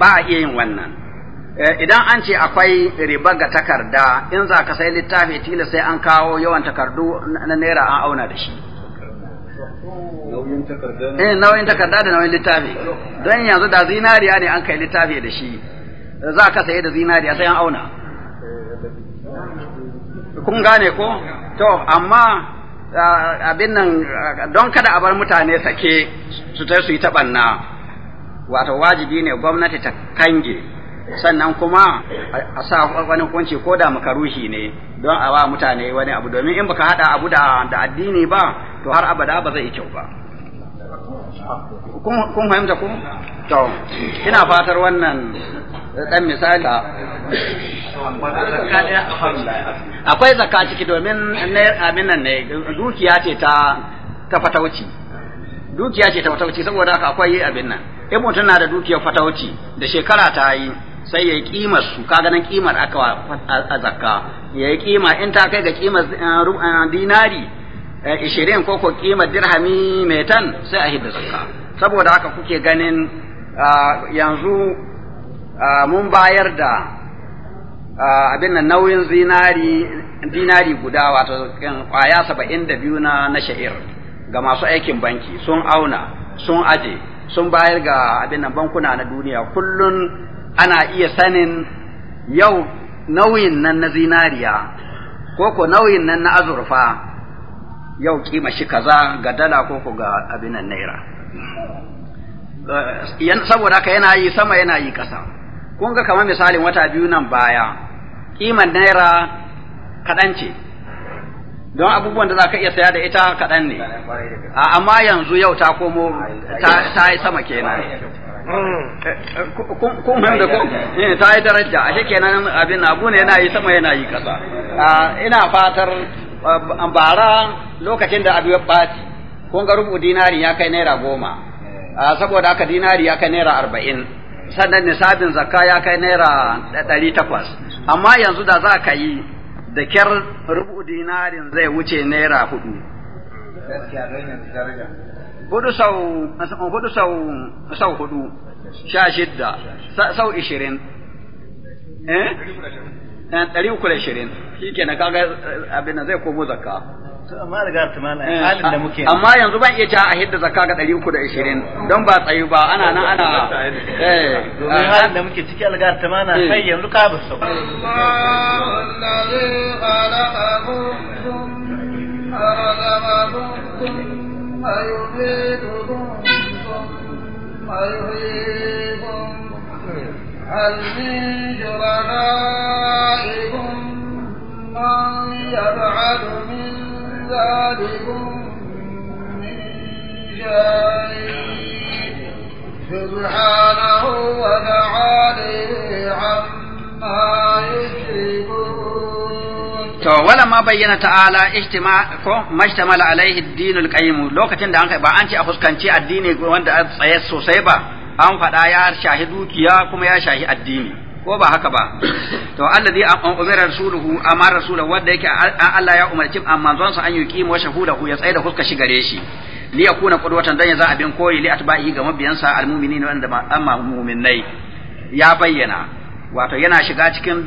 ba a iya yin wannan Eh, idan an ce akwai riba ga takarda in za ka sai littafi tila sai an kawo yawan takardu na naira an auna da shi eh, nauyin takarda da nauyin littafi don yanzu da zinariya ne an kai littafi da shi za ka sai da zinariya sai an auna kun gane ko to amma abin nan don kada a bar mutane sake su ta su yi taɓanna wato wajibi ne gwamnati ta kange sannan kuma a sa wani hukunci ko da makarushi ne don a wa mutane wani abu domin in baka hada abu da addini ba to har abada ba zai yi kyau ba kun fahimta ku to ina fatar wannan dan misali akwai zakka ciki domin abin nan ne dukiya ce ta ta fatauci dukiya ce ta fatauci saboda haka akwai abin nan in mutum na da dukiyar fatauci da shekara ta yi sai ya yi kimar su ka ganin kimar aka a zakka ya yi kima in ta kai ga kimar eh, eh, dinari eh, ishirin ko ko kimar dirhami mai tan sai a hidda zakka saboda haka kuke ganin ah, yanzu ah, mun bayar da ah, abin nan nauyin zinari dinari guda wato kwaya saba'in da biyu na na sha'ir ga masu aikin banki sun auna sun aje sun bayar ga abin nan bankuna na duniya kullun ana iya sanin yau nauyin nan na zinariya ko ko nauyin nan na azurfa yau kima shi kaza ga dala ko ko ga abin naira eh, saboda haka yana yi sama yana yi kasa kun ga kamar misalin wata biyu nan baya kiman naira kaɗan ce don abubuwan da za ka iya saya da ita kaɗan ne amma yanzu yau ta komo ta yi sama kenan Hmm. Eh, eh, kun fahimta ko eh, ta yi daraja a kenan abin abu ne yana yi sama yana yi kasa ah, ina fatar bara lokacin da abu ya ɓaci kun ga rubu dinari ya kai naira goma ah, saboda haka dinari ya kai naira arba'in sannan nisabin zakka ya kai naira ɗari takwas amma yanzu da za ka yi da kyar rubu dinarin zai wuce naira hudu hudu sau hudu sau sau hudu sha shidda sau ishirin eh ɗari uku da ishirin shi ke na kaga abin zai komo zakka amma halin da muke amma yanzu ban iya ta a hidda zakka ga ɗari uku da ishirin don ba tsayu ba ana nan ana eh halin da muke ciki algar mana sai yanzu ka bu ثم يميتكم ثم يحييكم هل من شركائكم من يبعث من ذلكم من شيء سبحانه وتعالى عما يشركون to wala ma bayyana ta'ala ijtima ko mashtamala alaihi dinul qayyim lokacin da an kai ba an ce a fuskanci addini wanda a tsaye sosai ba an faɗa ya shahi dukiya kuma ya shahi addini ko ba haka ba to alladhi an umira rasuluhu amara rasuluhu wanda yake Allah ya umarci amma zon sa an yuqima wa shahudahu ya tsaye da fuska shi gare shi li yakuna qudwatan dan ya za abin koyi li atba'ihi ga mabiyansa almu'minina wanda amma mu'minnai ya bayyana wato yana shiga cikin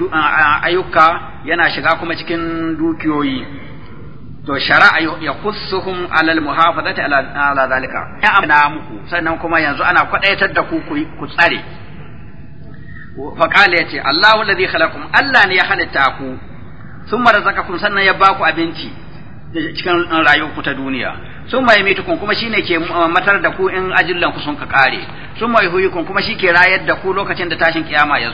ayyuka yana shiga kuma cikin dukiyoyi to shara'a ya khussuhum alal muhafazati ala zalika ya amna muku sannan kuma yanzu ana kwadaitar da ku ku tsare fa qala yace Allahu alladhi khalaqakum Allah ne ya halitta ku thumma razaqakum sannan ya baku abinci cikin rayuwarku ta duniya sun mai mitukun kuma shine ke matar da ku in ajillan ku sun ka kare sun mai huyukun kuma shi ke rayar da ku lokacin da tashin kiyama ya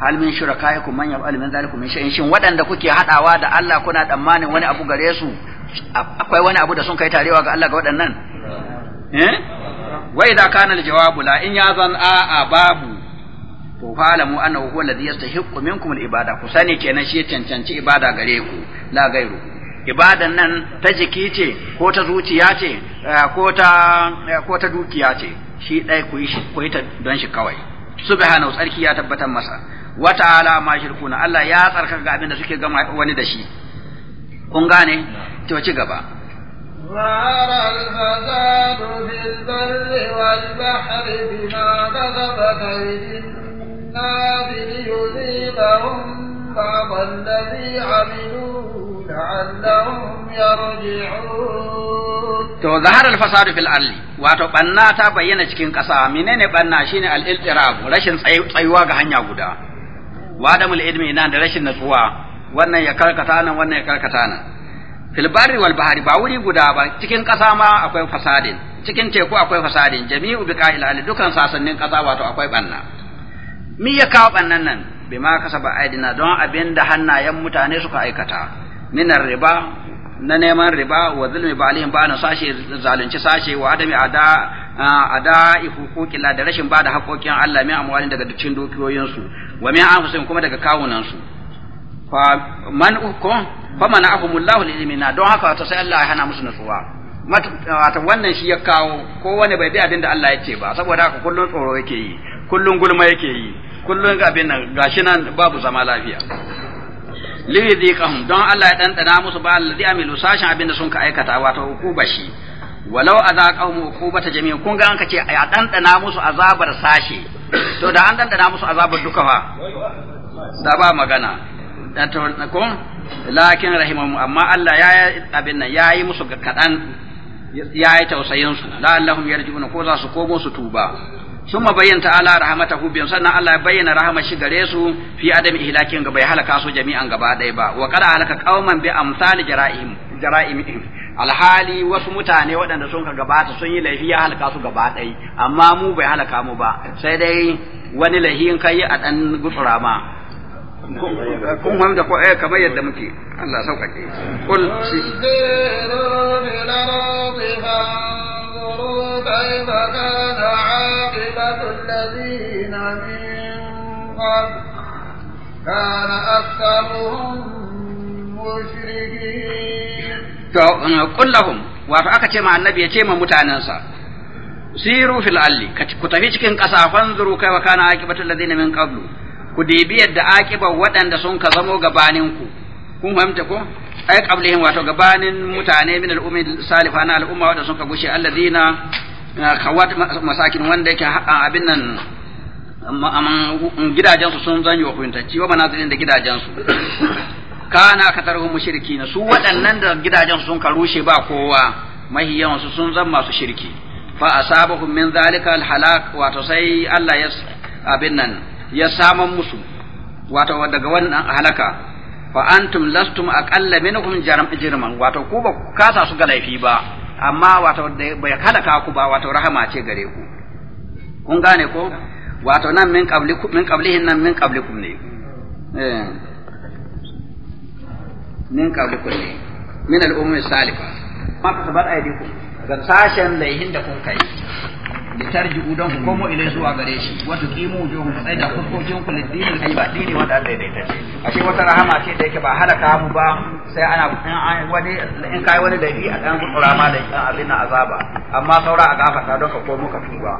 hal min shurakaikum man yaf'alu min zalikum min shay'in shin waɗanda kuke hadawa da Allah kuna tsammanin wani abu gare su akwai wani abu da sun kai tarewa ga Allah ga waɗannan eh wa idza kana aljawabu la in yazan a a babu to fa'lamu annahu huwa alladhi yastahiqqu minkum alibada ku sani kenan shi cancanci ibada gare ku la gairu ibadan nan ta jiki ce ko ta zuciya ce eh, ko ta eh, ko ta dukiya ce shi dai ku yi ta don shi kawai subhanahu tsarki ya tabbatar masa wa ta'ala ma shirkuna Allah ya tsarkaka ga abin da suke gama wani da shi kun gane to ci gaba ظهر الفساد في البر والبحر بما كسبت أيدي الناس ليذيقهم بعض الذي عملوا لعلهم يرجعون to zahar al-fasad fil ardi wato banna ta bayyana cikin ƙasa menene banna shine al-iltirab rashin tsayuwa ga hanya guda wa adamul ilmi ina da rashin natsuwa wannan ya karkata nan wannan ya karkata nan fil barri wal bahari ba wuri guda ba cikin ƙasa ma akwai fasadin cikin teku akwai fasadin jami'u biqa'il al dukan sasannin ƙasa wato akwai banna Mi ya kawo bannan nan bima kasaba aidina don abinda hannayen mutane suka aikata minar riba na neman riba wa zulmi ba alihim ba na sashe zalunci sashe wa adami ada ada ihuquqillah da rashin da haƙoƙin Allah mai amwali daga dukkan dukiyoyin su wa mai anfusin kuma daga kawunan su fa man ukum fa man ahumullahu lilmina don haka ta sai Allah ya hana musu nutsuwa wata wannan shi ya kawo ko wani bai bi abin da Allah ya ce ba saboda haka kullun tsoro yake yi kullun gulma yake yi Kullum ga abin nan gashi nan babu zama lafiya liyudhiqahum don Allah ya dandana musu ba alladhi amilu sashin abin da sun ka aikata wato hukuba shi walau hukuba ta jami'in kun ga an kace a dandana musu azabar sashi to da an dandana musu azabar duka fa da ba magana dan to ko lakin rahimahum amma Allah ya abin nan yi musu kadan ya yi tausayin su la'allahum yarji'una ko za su komo su tuba ثم بين تعالى رحمته بهم سنة الله بين رحمة شجريسو في عدم إهلاكهم قبل هلك أسو جميعا قبل ديبا وقد هلك قوما بأمثال جرائهم جرائمهم alhali wasu mutane waɗanda sun ka gabata sun yi laifi ya halaka su gaba amma mu bai halaka mu ba sai dai wani laifi ka a ɗan gutsura ma kun wanda ko eh kamar yadda muke Allah sauƙaƙe انظروا كيف كان عاقبة الذين من قبل كان أكثرهم مشركين قل siru fil alli ku tafi cikin ƙasa fanzuru kai wa kana aqibatul na min qablu ku dibi yadda aƙibar waɗanda sun ka zamo gabaninku. ku kun fahimta ko ai qablihim wato gabanin mutane min al-ummi salifa na al-umma wanda ka gushe alladina khawat masakin wanda yake abin nan gidajensu sun zanyi wa kuntacci wa manazirin da gidajensu kana mushriki na su waɗannan da gidajensu sun karushe ba kowa mahiyan su sun zama su shirki fa asabahum min zalika al-halak wato sai Allah ya abin nan ya saman musu wato daga wannan halaka fa antum lastum aqalla minhum jirman wato ku ba kasa su ga laifi ba amma wato bai halaka ku ba wato rahama ce gare ku kun gane ko wato nan min ku min qablihin nan min qablikum ne eh min qablikum ne min al-ummi salifa ma kasabat ku ga sashen laihin da kun kai litarji'u don ku komo ilai zuwa gare shi wato jo mu tsaya da kokokin ku lidini kai ba dini wanda Allah daidaita ashe wata rahama ce da yake ba halaka mu ba sai ana wani in kai wani laifi a dan gutsura ma da abin azaba amma saura a gafata don ka komo ka tuba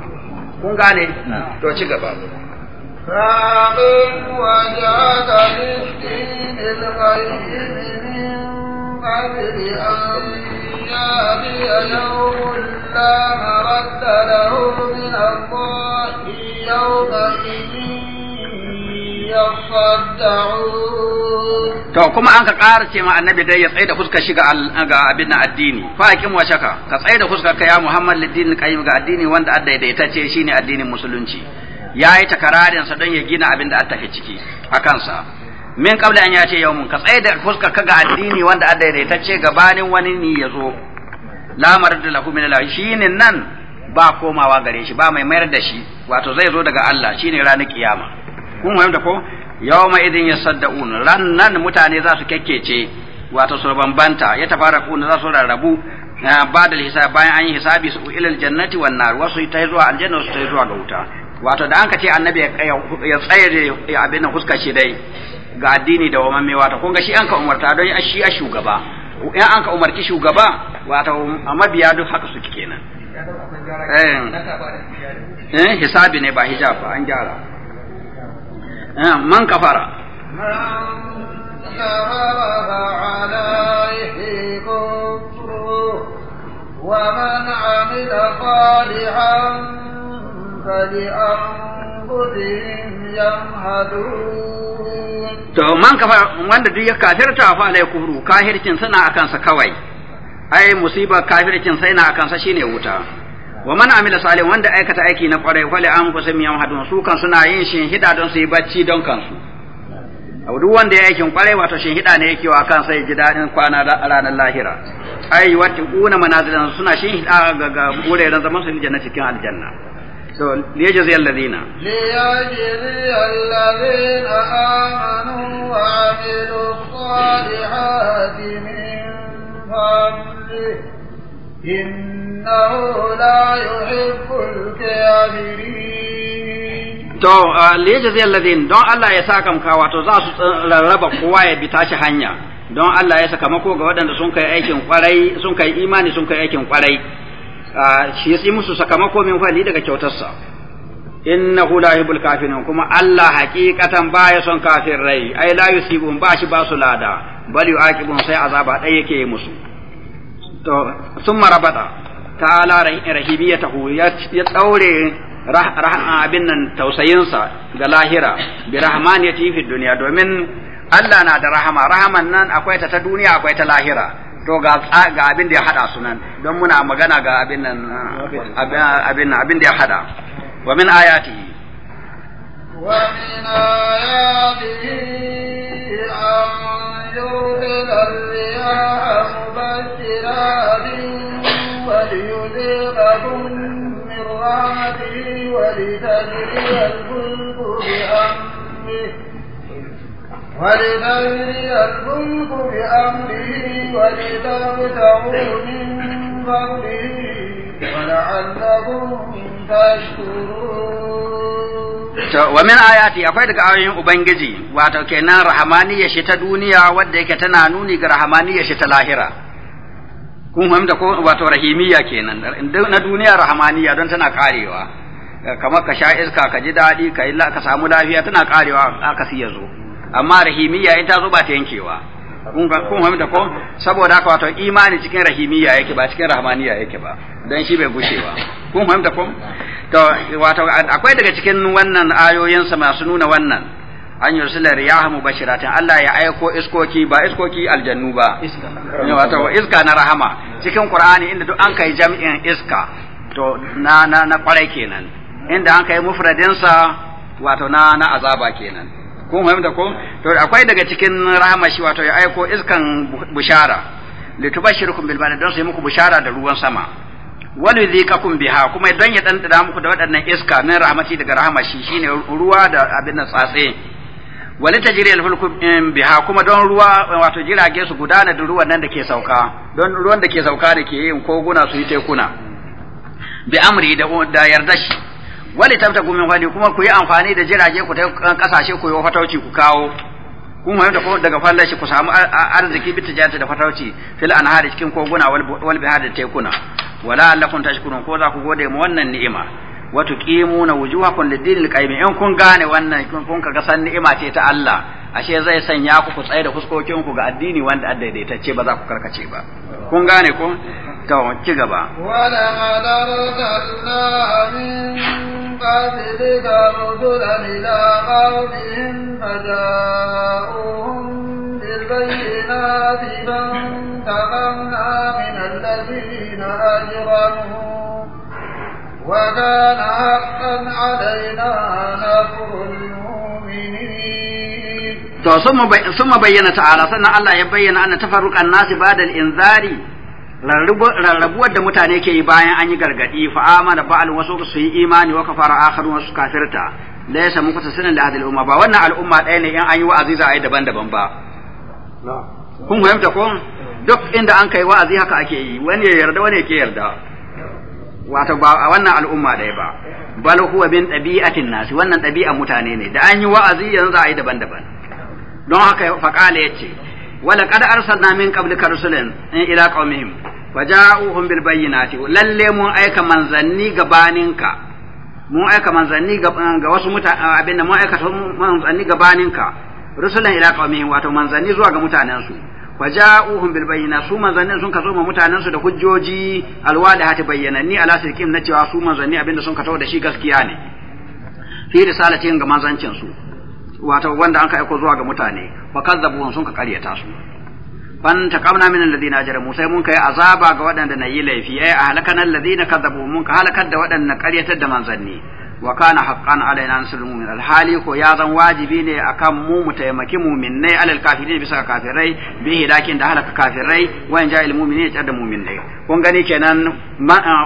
kun gane to ci gaba فاقم وجهك للدين الغيب من قبل أن to kuma an ka ƙara ce ma annabi dai ya tsaye da fuskar shi ga abin addini fa akim wa shaka ka tsaye da fuskar ka ya muhammad Liddin qayyim ga addini wanda adda shi shine addinin musulunci yayi takararin sa don ya gina abin da ke ciki a kansa min kabla an yace yawmun ka tsaye da fuskar ka ga addini wanda a daidaitacce gabanin wani ni ya zo la da lahu min Allah shine nan ba komawa gare shi ba mai mayar da shi wato zai zo daga Allah shine ranar kiyama kun fahimta ko yawma idin yasaddaun ran nan mutane za su kekkece wato su bambanta ya tafaraquna za su rarrabu ba da hisab bayan an yi hisabi su ilal jannati wan nar wasu ta zuwa aljanna su ta zuwa ga wuta wato da an ka ce annabi ya tsayar abin nan huska shi dai ga addini da waman mai wata kun ga shi an ka umarta don shi a shugaba in an ka umarci shugaba wata a mabiya duk haka su kenan eh. eh hisabi ne ba hijab ba an gyara eh, man kafara ومن عمل صالحا to man kafa wanda duk ya kafirta fa alai kufru kafircin suna akan sa kawai ai musiba kafircin sai na akan sa shine wuta wa man amila salih wanda aikata aiki na kwarai kwale an kusa miyan hadun su kan suna yin shin hida don su yi bacci don kansu a duk wanda ya aikin kwarai wato shin hida ne yake wa kan sai ji dadin kwana ranar lahira ai wata kuna manazilan suna shin hida ga ran zaman su na cikin aljanna ليجزي الذين ليجزي الذين آمنوا وعملوا الصالحات من فضله إنه لا يحب الكافرين to liyajzi alladhin don Allah ya saka mka wato za su eh, rarraba kowa ya bi tashi hanya don Allah ya saka mako ga waɗanda sun kai aikin kwarai sun kai imani sun kai aikin kwarai shi yi musu sakamako min fali daga kyautarsa Inna la yuhibbul kafirin kuma Allah haqiqatan baya son rai. ai la yusibun ba shi ba su lada bal yuaqibun sai azaba dai yake musu to summa rabata ta'ala rahimiyatahu ya daure rahma abin nan tausayinsa ga lahira bi rahmaniyati fi dunya domin Allah na da rahama rahaman nan akwai ta ta duniya akwai ta lahira to ga ga abin da ya hada sunan don muna magana ga abin nan abin abin da ya hada wa min ayatihi wa min ayatihi an yurila riyaha wa ولنجزينكم بأمره ولتبتغوا من فضله ولعلكم تشكرون wa min ayati akwai daga ayoyin ubangiji wato kenan rahamaniya shi ta duniya wadda yake tana nuni ga rahamaniya shi ta lahira kun fahimta ko wato rahimiya kenan na duniya rahamaniya don tana karewa kamar ka sha iska ka ji daɗi ka samu lafiya tana karewa aka siya zo amma rahimiyya in ta zo ba ta yankewa kun kun fahimta ko saboda haka wato imani cikin rahimiyya yake ba cikin rahmaniyya yake ba dan shi bai gushewa kun fahimta ko to wato akwai daga cikin wannan ayoyin sa masu nuna wannan an yursila riyaha mubashiratin Allah ya aiko iskoki ba iskoki aljannu ba wato iska na rahama cikin qur'ani inda duk an kai jami'in iska to na na na kwarai kenan inda an kai mufradin sa wato na na azaba kenan kun fahimta ko to akwai daga cikin shi wato ya aiko iskan bushara litubashirukum bil balad don su yi muku bushara da ruwan sama wani zikakum biha kuma don ya dandana muku da waɗannan iska na rahmati daga shi shine ruwa da abin nan tsatse wani ta jiri alfulku biha kuma don ruwa wato jirage su gudana da ruwan nan da ke sauka don ruwan da ke sauka da ke yin koguna su yi tekuna bi amri da yardashi. shi wani tabta gumin fali kuma ku yi amfani da jirage ku ta kasashe ku yi fatauci ku kawo kun wayo da daga fallar shi ku samu arziki bi tijarati da fatauci fil anhari cikin koguna wal bihar da tekuna wala allakum tashkurun ko za ku gode mu wannan ni'ima wa tuqimuna wujuhakum lid-dinil qayyim in kun gane wannan kun ka san ni'ima ce ta Allah ashe zai sanya ku ku tsaye da fuskokin ku ga addini wanda a daidaitacce ba za ku karkace ba kun gane ko to ci gaba wala qadarna min قبلك رسلا إلى قومهم فجاءوهم بالبينات فانتقمنا من الذين أجرموا وكان حقا علينا نصر المؤمنين. ثم بين تعالى سنة الله يبين أن تفرق الناس بعد الإنذار rarrabuwar da mutane ke yi bayan an yi gargadi fa amana ba'al wasu su yi imani wa kafara akharu wasu kafirta mun kusa li da hadal umma ba wannan al'umma ɗaya ne in an yi wa'azi za a yi daban-daban ba kun fahimta ko duk inda an kai wa'azi haka ake yi wani ya yarda wani ya ke yarda wato ba a wannan al'umma ɗaya ba bal huwa min ɗabi'atin nasi wannan ɗabi'a mutane ne da an yi wa'azi yanzu za a yi daban-daban don haka faqala yace ولقد أرسلنا من قبلك رسلا إلى قومهم وجاءوهم بالبينات lalle mun aika manzanni gabaninka mun aika manzanni ga wasu mutane abinda da mun aika manzanni gabaninka rusulan ila qaumihim wato manzanni zuwa ga mutanen su waja'uhum bil bayyina su manzannin sun kaso ma mutanen su da hujjoji alwadihati bayyananni ala sirkim na cewa su manzanni abinda sun kaso da shi gaskiya ne fi risalatin ga manzancin su wato wanda an ka aiko zuwa ga mutane fa sun ka karyata su fan taqamna min alladhina ajramu sai mun kai azaba ga waɗanda na yi laifi ai ahlakana alladhina kazzabu mun ka halakar da waɗanda karyatar da manzanni wa kana haqqan alaina nasrul mu'min alhali ko ya zan wajibi ne akan mu mu taimaki mu'minnai alal kafirin bisa kafirai bi hidakin da halaka kafirai wa in ja'il mu'minin ya da mu'minnai kun gani kenan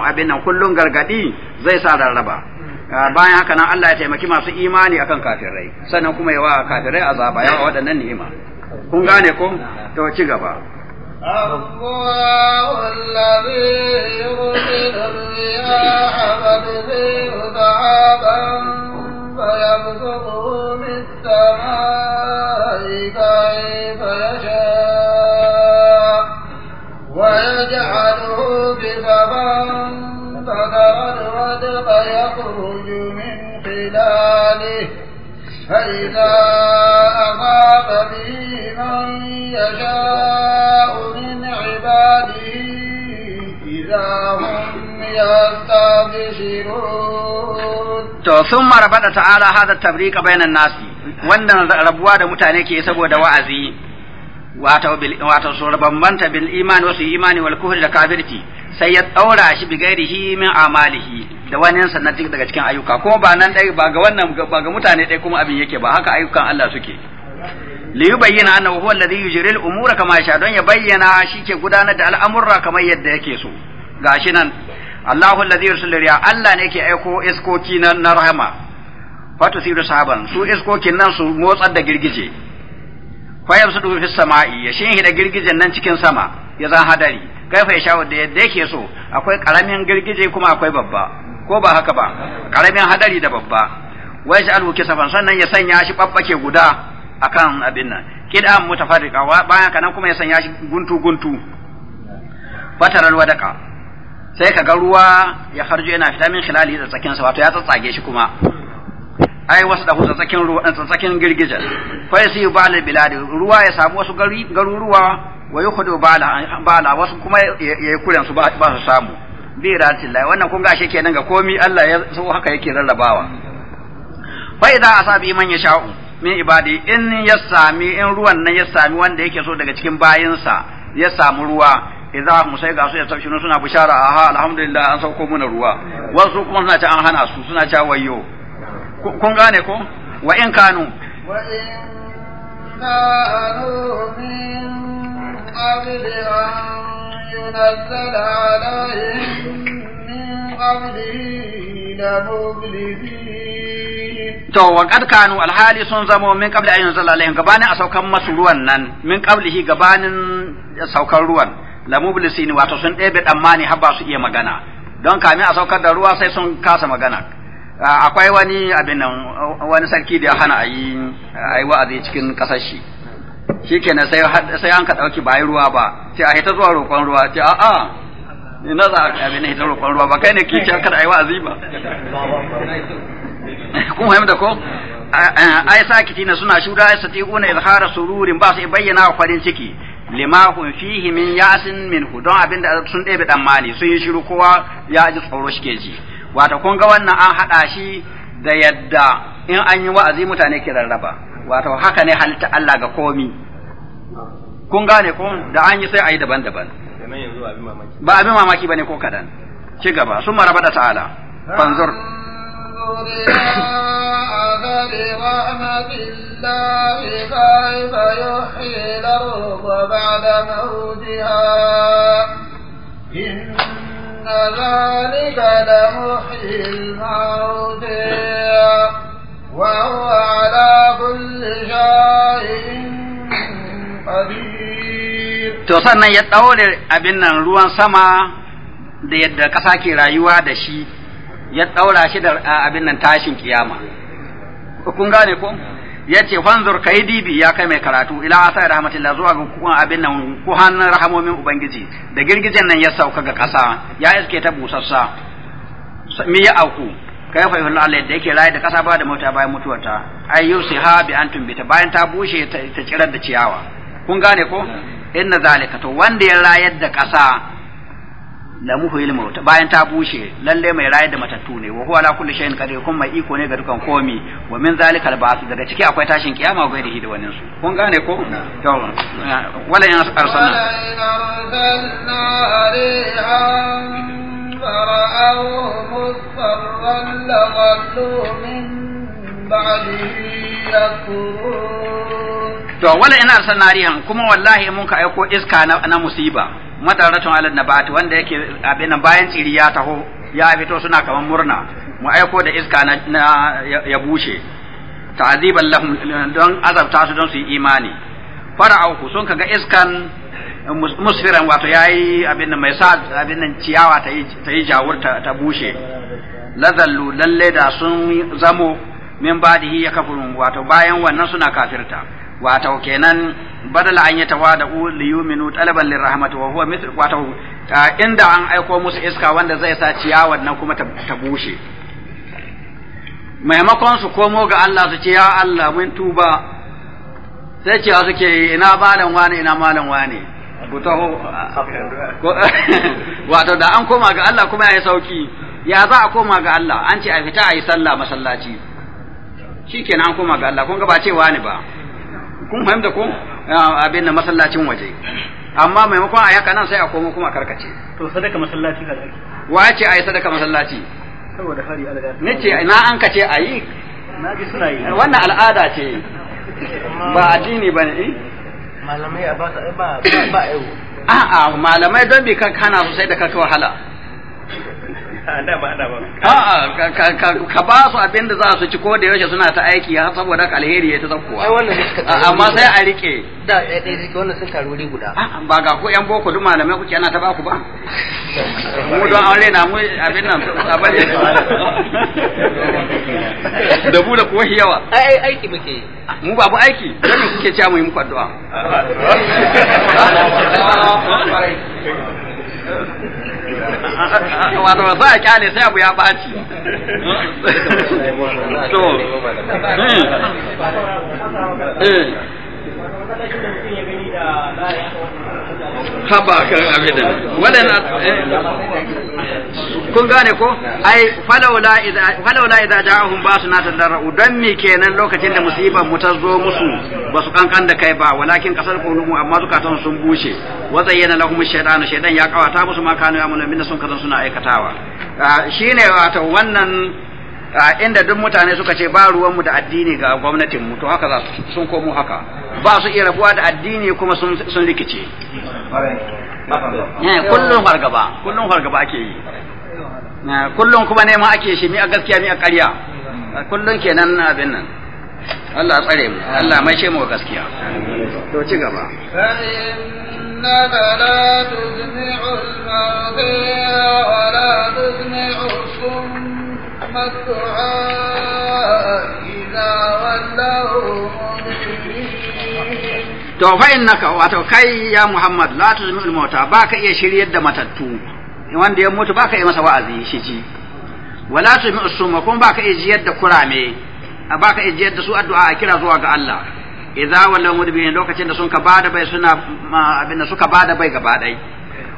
abin nan kullun gargadi zai sa rarraba Ah, bayan haka nan Allah ya taimaki masu imani akan kafirai sannan kuma yawa kafirai azaba yawa waɗannan ni'ima kun gane ko to ci gaba الله الذي يرسل الرياح فتثير سحابا فيبسطه في كيف يشاء ويجعله بسبب Masa'aduwar direbaye haƙurin juumin a kafa biyunan ya sha, ubin ya sun maraba ta'ala hada da tabbika nasi, wannan rabuwa da mutane ke saboda wa'azi. wato bil wato sura bambanta bil iman wasu imani wal kufri da kafirci sai ya daura shi bi gairihi min amalihi da wani sannan daga cikin ayyuka kuma ba nan dai ba ga wannan ba ga mutane dai kuma abin yake ba haka ayyukan Allah suke li yubayyana annahu huwa alladhi yujri al umura kama sha don ya bayyana shi ke gudanar da al'amurra kamar yadda yake so gashi nan Allahu alladhi yursil riya Allah ne ke aiko iskoki na rahama fatu siru sahaban su iskokin nan su motsar da girgije fa yabsudu fis sama'i ya hida girgijen nan cikin sama ya zan hadari kai fa da yadda yake so akwai karamin girgije kuma akwai babba ko ba haka ba karamin hadari da babba wai ja'alu safan sannan ya sanya shi babbake guda akan abin nan kid'an wa bayan kanan kuma ya sanya shi guntu guntu fataral wadaka sai ka ga ruwa ya harjo yana fita min khilali da tsakinsa wato ya tsatsage shi kuma ai wasu dahu tsakin ruwa eh, tsakin girgijin fa yasi bala biladi ruwa ya samu wasu garuruwa wa yukhdu bala bala wasu kuma yayi kuren su ba su samu bi ratillah wannan kun ga shi kenan ga komi Allah ya so haka yake rarrabawa fa idza asabi man yasha min ibadi in yasami in ruwan nan ya sami wanda yake so daga cikin bayinsa ya samu ruwa idza mu sai ga su ya tafshinu suna bishara aha alhamdulillah an sauko mana ruwa wasu kuma suna ta an hana su suna ta wayo kun gane ko wa in kanu wa in kanu min qabli an yunazzala alaihim min la to wa kad kanu alhali sun zamo min qabli an yunazzala alaihim gabanin a saukan masu ruwan nan min qablihi gabanin saukan ruwan la mublisin wato sun ɗebe tsammani har ba su iya magana don kamin a saukar da ruwa sai sun kasa magana akwai wani abin nan wani sarki da ya hana a yi wa'azi cikin ƙasar shi shi sai an ka ɗauki ba ruwa ba ce a hita zuwa roƙon ruwa ce a a ina za a abin hita roƙon ruwa ba kai ne ke cewa kada a yi wa'azi ba kun fahimta da ko ai tina suna shuda ai satiquna izhara sururin ba su bayyana farin ciki lima hun fihi min ya'sin min hudon abinda sun ɗebe dan mali sun yi shiru kowa ya ji tsoro shike ji wato kun ga wannan an haɗa shi da yadda in an yi wa'azi mutane ke rarraba wato haka ne halitta Allah ga komi kun gane kun da an yi sai a yi daban-daban ba abin mamaki bane ko kadan ci gaba sun maraba da ta'ala fanzur إن ذلك لمحيي وهو على كل شيء قدير to sannan ya ɗaure abin nan ruwan sama da yadda ƙasa ke rayuwa da shi ya ɗaura shi da abin nan tashin kiyama kun gane ko yace fanzur kai dibi ya kai mai karatu ila asa rahmatillah zuwa ga kuma abin nan ku hannun rahamomin ubangiji da girgijen nan ya sauka ga kasa ya iske ta busassa mi ya auku kai fa yuhul Allah da yake rayi da kasa ba da mota bayan mutuwarta ayyusiha bi antum bita bayan ta bushe ta tsirar da ciyawa kun gane ko inna zalika to wanda ya rayar da kasa da muhu bayan ta bushe lalle mai rayar da matattu ne wa huwa la kulli shay'in qadir kun mai iko ne ga dukan komi wa min zalika al daga ciki akwai tashin kiyama ga da wannan su kun gane ko to wala in arsalna to wala ina san narihan kuma wallahi mun ka aiko iska na, na musiba madaratun alal nabati wanda yake abin bayan tsiri ya taho ya fito suna kaman murna mu aiko da iska na, ya bushe ta'aziban lahum don azabta su don su yi imani auku sun kaga iskan musfiran wato yayi abin nan mai sa abin nan ciyawa ta yi ta jawur ta bushe lazallu lalle da sun zamo min badihi ya kafurun wato bayan wannan suna kafirta wato kenan badala an yi tawada li yuminu talaban lirrahmat wa huwa mithl wato inda an aiko musu iska wanda zai sa ciyawar nan kuma ta bushe maimakon su komo ga Allah su ce ya Allah mun tuba sai cewa suke ina balan wani ina malan wane wato da an koma ga Allah kuma ya sauki ya za a koma ga Allah an ce a fita a yi sallah masallaci shikenan an koma ga Allah kun ga ba cewa ne ba kun fahimta ko abin da masallacin waje amma maimakon a haka nan sai a komo kuma karkace to sadaka masallaci wa wace ayi sadaka masallaci saboda hari al'ada nace na an kace ayi na ji suna yi wannan al'ada ce ba addini bane malamai a ba ba ba a'a malamai don bi kan kana sosai da kaka wahala a'a ka ba su abin da za su ci ko da yaushe suna ta aiki har saboda ka alheri ya ta zakkuwa amma sai a rike da ya ɗaya rike wannan sun taru wuri guda ba ga ko yan boko duk malamai kuke ana ta ba ku ba mu don aure na mu abin nan a bari da bu da kuwa yawa ai aiki muke mu babu aiki don kuke cewa mu yi muku addu'a wato ba a kyale sai abu ya ɓaci to eh, eh. haba kan abin eh, kun gane ko ai falawla idza falawla idza basu nata tadarru dan mi kenan lokacin da musibar mu ta zo musu ba su kankan da kai ba walakin kasar qulubu amma zukatan sun bushe wa zayyana lahum shaytanu shaytan ya kawata musu ma kanu ya'maluna minna sun kazan suna aikatawa ah, shine wato wannan A inda duk mutane suka ce ba ruwanmu da addini ga gwamnatin mu to haka za su sun komo haka ba su iya rabuwa da addini kuma sun sun rikice eh, kullum fargaba kullum fargaba ake yi eh, kullum kuma neman ake shi mi a gaskiya mi a ƙarya kullum kenan na abin nan Allah tsare mu Allah mai shi ga gaskiya to ci gaba إنك لا تجمع المرضي ولا تجمع الصم متعا إذا ولوا To fa innaka wato kai ya Muhammad la mota mauta ka iya shiryar da matattu wanda ya mutu ba ka iya masa wa'azi shi ji wala tuzmil summa kuma ka iya jiyar da kurame ka iya jiyar da su addu'a a kira zuwa ga Allah idza walla mudbirin lokacin da sun ka bada bai suna abin da suka bada bai gaba dai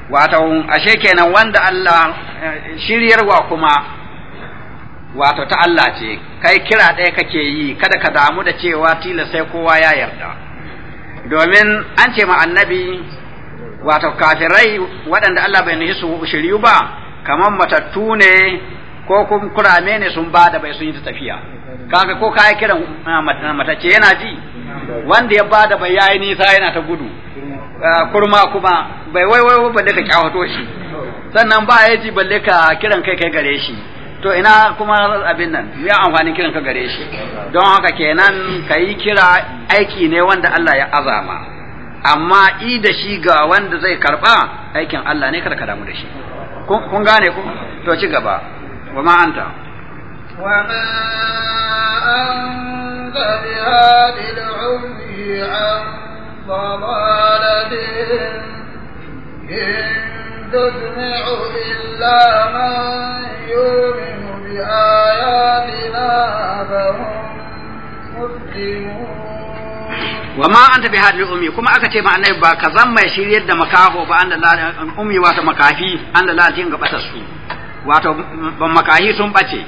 wato ashe kenan wanda Allah eh, shiryarwa kuma wato ta Allah ce kai kira ɗaya kake yi kada ka damu da cewa tila sai kowa ya yarda domin an ce ma annabi wato kafirai waɗanda Allah bai nishi su shiryu ba kamar matattu ne ko kun kurame ne sun ba da bai sun yi ta tafiya kaga ko kai kiran ah, matacce yana ji wanda ya ba da bai yayi nisa yana ta gudu ah, kurma kuma bai wai wai balle ka kyawato shi sannan ba ya ji balle ka kiran kai kai gare shi to ina kuma abin nan me amfani kiran ka gare shi don haka kenan ka yi kira aiki ne wanda Allah ya azama amma i da shi ga wanda zai karba aikin Allah ne kada ka damu da shi kun gane ku to ci gaba wa ma anta wa ma anta bi hadil ummi an Dus me ubillama an taɓa yi haɗarin ummi kuma aka ce ma'anai ba ka zan mai shirya da makaho ba anda launin ummi wata makafi anda launin gaɓa ta su. Wata makafi sun bace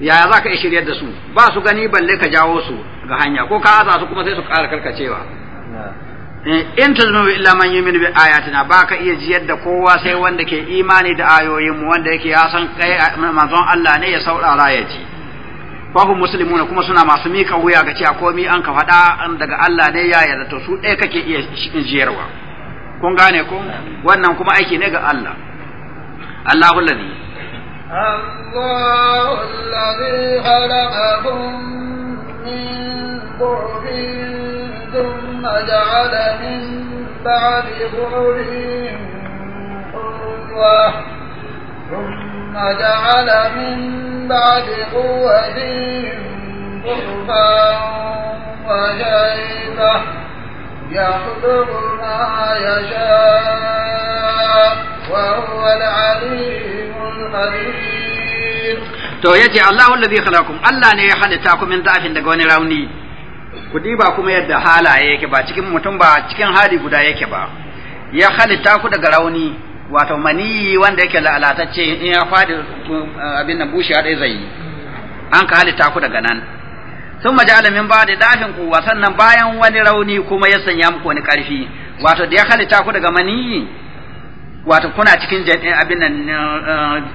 yaya za ka iya shirya da su? Ba su gani ba ka jawo su ga hanya ko kada su kuma sai su ƙara karka Eh, in tuzmu illa man yu'minu bi ayatina ba ka iya jiyar da kowa sai wanda ke imani da ayoyin mu wanda yake ya san kai manzon Allah ne ya saurara ya ji fahum muslimuna kuma suna masu mika wuya ga cewa komai an ka faɗa daga Allah ne ya yarda to su ɗaya kake iya jiyarwa kun gane ko wannan kuma aiki ne ga Allah Allahu ladhi Allahu ladhi khalaqakum min ثم جعل من بعد ظهرهم قوة ثم جعل من بعد قوتهم ضعفا وشيبة يخلق ما يشاء وهو العليم القدير to yace Allahu allazi khalaqakum Allah ne ya halitta ku min da'afin daga wani rauni ku diba kuma yadda halaye yake ba cikin mutum ba cikin hali guda yake ba ya halitta ku daga rauni wato maniyi wanda yake lalatacce in ya fadi eh, abin nan bushe dai zai an ka halitta ku daga nan sun maja'ala min ba da dafin kuwa sannan bayan wani rauni kuma ya sanya muku wani karfi wato da ya halitta ku daga maniyi wato kuna cikin eh, abin nan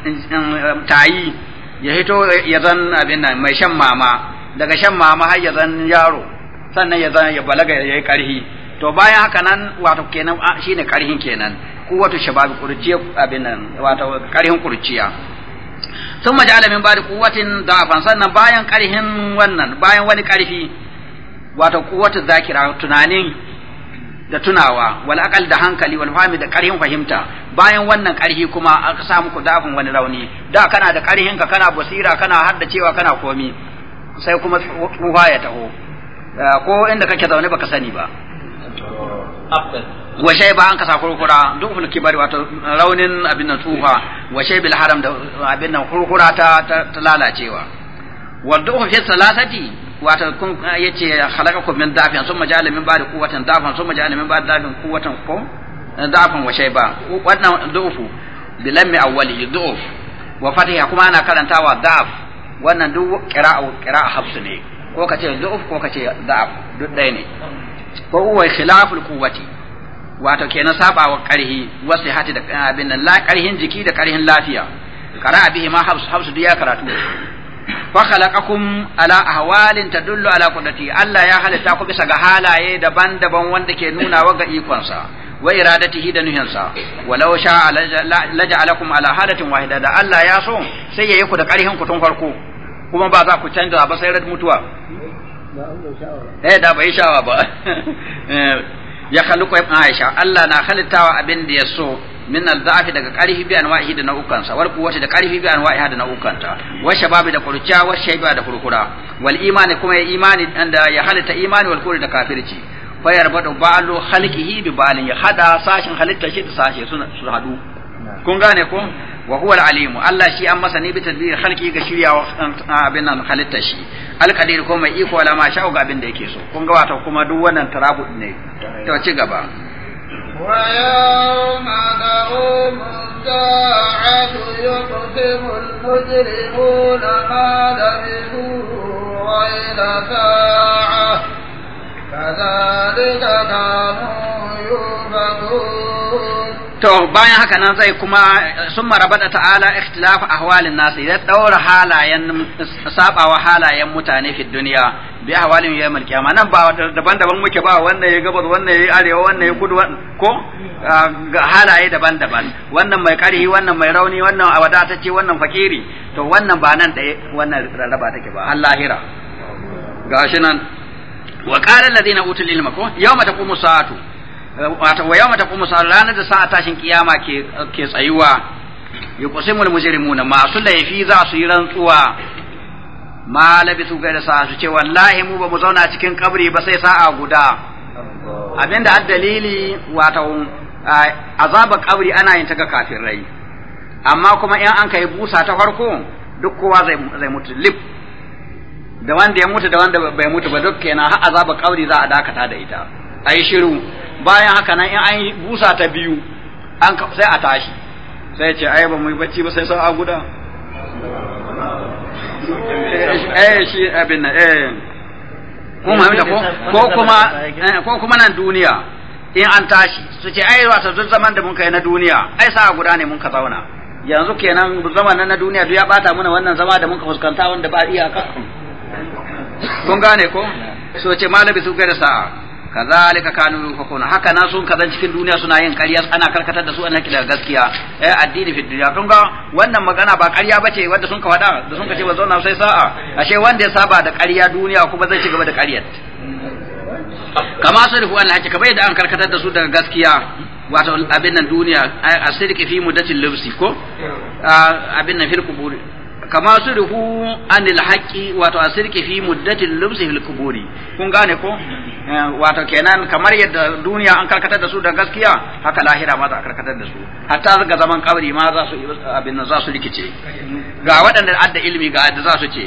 eh, tayi ya hito ya zan abin nan mai shan mama daga shan mama har ya zan yaro sannan ya zan ya balaga ya yi karhi to bayan haka nan wato kenan shine karhin kenan kuwatu shababi kurciya abin nan wato karhin kurciya sun majala min bada kuwatin da'afan sannan bayan karhin wannan bayan wani karfi wato kuwatu zakira tunanin da tunawa wal aqal da hankali wal fahmi da karhin fahimta bayan wannan karhi kuma aka samu ku dafin wani rauni da kana da karhin ka kana basira kana haddacewa kana komi sai kuma tsufa ya taho eh, ko inda kake zaune baka sani ba washe ba an kasa kurkura duk fulki bari wato raunin abin nan tsufa washe bil haram da abin nan kurkura ta ta lalacewa wadda uku fi salasati wato kun eh, yace halaka ku min dafin sun majalin min ba'da kuwatan dafin sun majalin min ba'da dafin kuwatan ko eh, dafan washe ba wannan du'ufu bilammi awwali du'uf wa fatiha kuma ana karantawa daf wannan duk qira'a qira'a hafsu ne ko ka ce zu'uf ko ka ce da'af duk ɗaya ne ko huwa khilaful quwwati wato kenan sabawa karhi wasu hati da eh, abin nan la karhin jiki da karhin lafiya qara'a bihi ma hafsu hafsu duk ya karatu wa khalaqakum ala ahwalin tadullu ala qudrati Allah ya halitta ku bisa ga halaye daban-daban wanda ke nuna wa ga ikonsa wa iradatihi da nuhinsa walau sha laja'alakum ala halatin wahida da Allah ya so sai yayi ku da karhin ku tun farko kuma ba za ku canza ba sai mutuwa eh da bai shawa ba ya khaliqu Aisha Allah na khalitawa abin da ya so min al-da'fi daga qarihi bi anwa'ihi da sa wal quwwati da qarihi bi anwa'iha da ta wa shababi da kurciya wa shayba da kurkura wal imani kuma ya imani anda da ya halitta imani wal kufri da kafirci fa yarbadu ba'lu khalqihi bi ba'lin ya hada sashin halitta shi da sashi su hadu kun gane ko wa huwa al-alim Allah shi an masa ne bi tadbir khalqi ga shiryawa abin nan halitta shi al-qadir ko mai iko wala ma sha'u ga abin da yake so kun ga wato kuma duk wannan tarabud ne to ci gaba to bayan haka nan zai kuma sun marabata ta'ala ikhtilafu ahwalin nasu ya daura halayen sabawa halayen mutane fi duniya bi ahwalin yawmal qiyamah nan ba daban-daban muke ba wannan ya gabar wannan ya arewa wannan ya kudu ko ah, ga halaye daban-daban wannan mai karihi wannan mai rauni wannan awadatacce wannan fakiri to wannan ba nan ɗaya wannan raba take ba har lahira gashi nan wa qala alladhina utul ilma ko yawma taqumu sa'atu wata wa yawma taqumu salana da sa'a tashin kiyama ke ke tsayuwa al mujrimuna masu laifi za su yi rantsuwa ma labisu ga da sa'a su ce wallahi mu ba mu zauna cikin kabri ba sai sa'a guda abinda addalili wata azaba kabri ana yin ta ga kafirai amma kuma in an kai busa ta farko duk kowa zai mutu lif da wanda ya mutu da wanda bai mutu ba duk kenan har azaba kabri za a dakata da ita a yi shiru bayan haka nan in an busa ta biyu an sai a tashi sai ce ai ba mu yi bacci ba sai sau a guda eh shi abin nan eh ko ko kuma eh, ko kuma nan duniya in an tashi su ce ai wata duk zaman da mun kai na duniya ai sa'a guda ne mun ka zauna yanzu kenan zaman na duniya duk ya bata mana wannan zama da mun ka fuskanta wanda ba iyaka kun gane ko so ce malami su da sa'a kazalika kanu yufakun haka na sun kazan cikin duniya suna yin ƙarya ana karkatar da su ana haki gaskiya eh addini fi duniya kun ga wannan magana ba ƙarya bace wanda sun ka faɗa da sun ka ce ba zauna sai sa'a ashe wanda ya saba da ƙarya duniya kuma zai ci gaba da ƙaryar kama sarifu an haka kamar yadda an karkatar da su daga gaskiya wato abin nan duniya asirki fi mudatil lubsi ko abin nan fil kuburi kama surihu anil haqqi wato asirki fi muddatil lubsi fil kun gane ko eh, wato kenan kamar yadda duniya an karkatar da su da gaskiya haka lahira ma za a karkatar da su hatta ga zaman kabari ma za su abin za su rikice ga waɗanda adda ilimi ga adda za su ce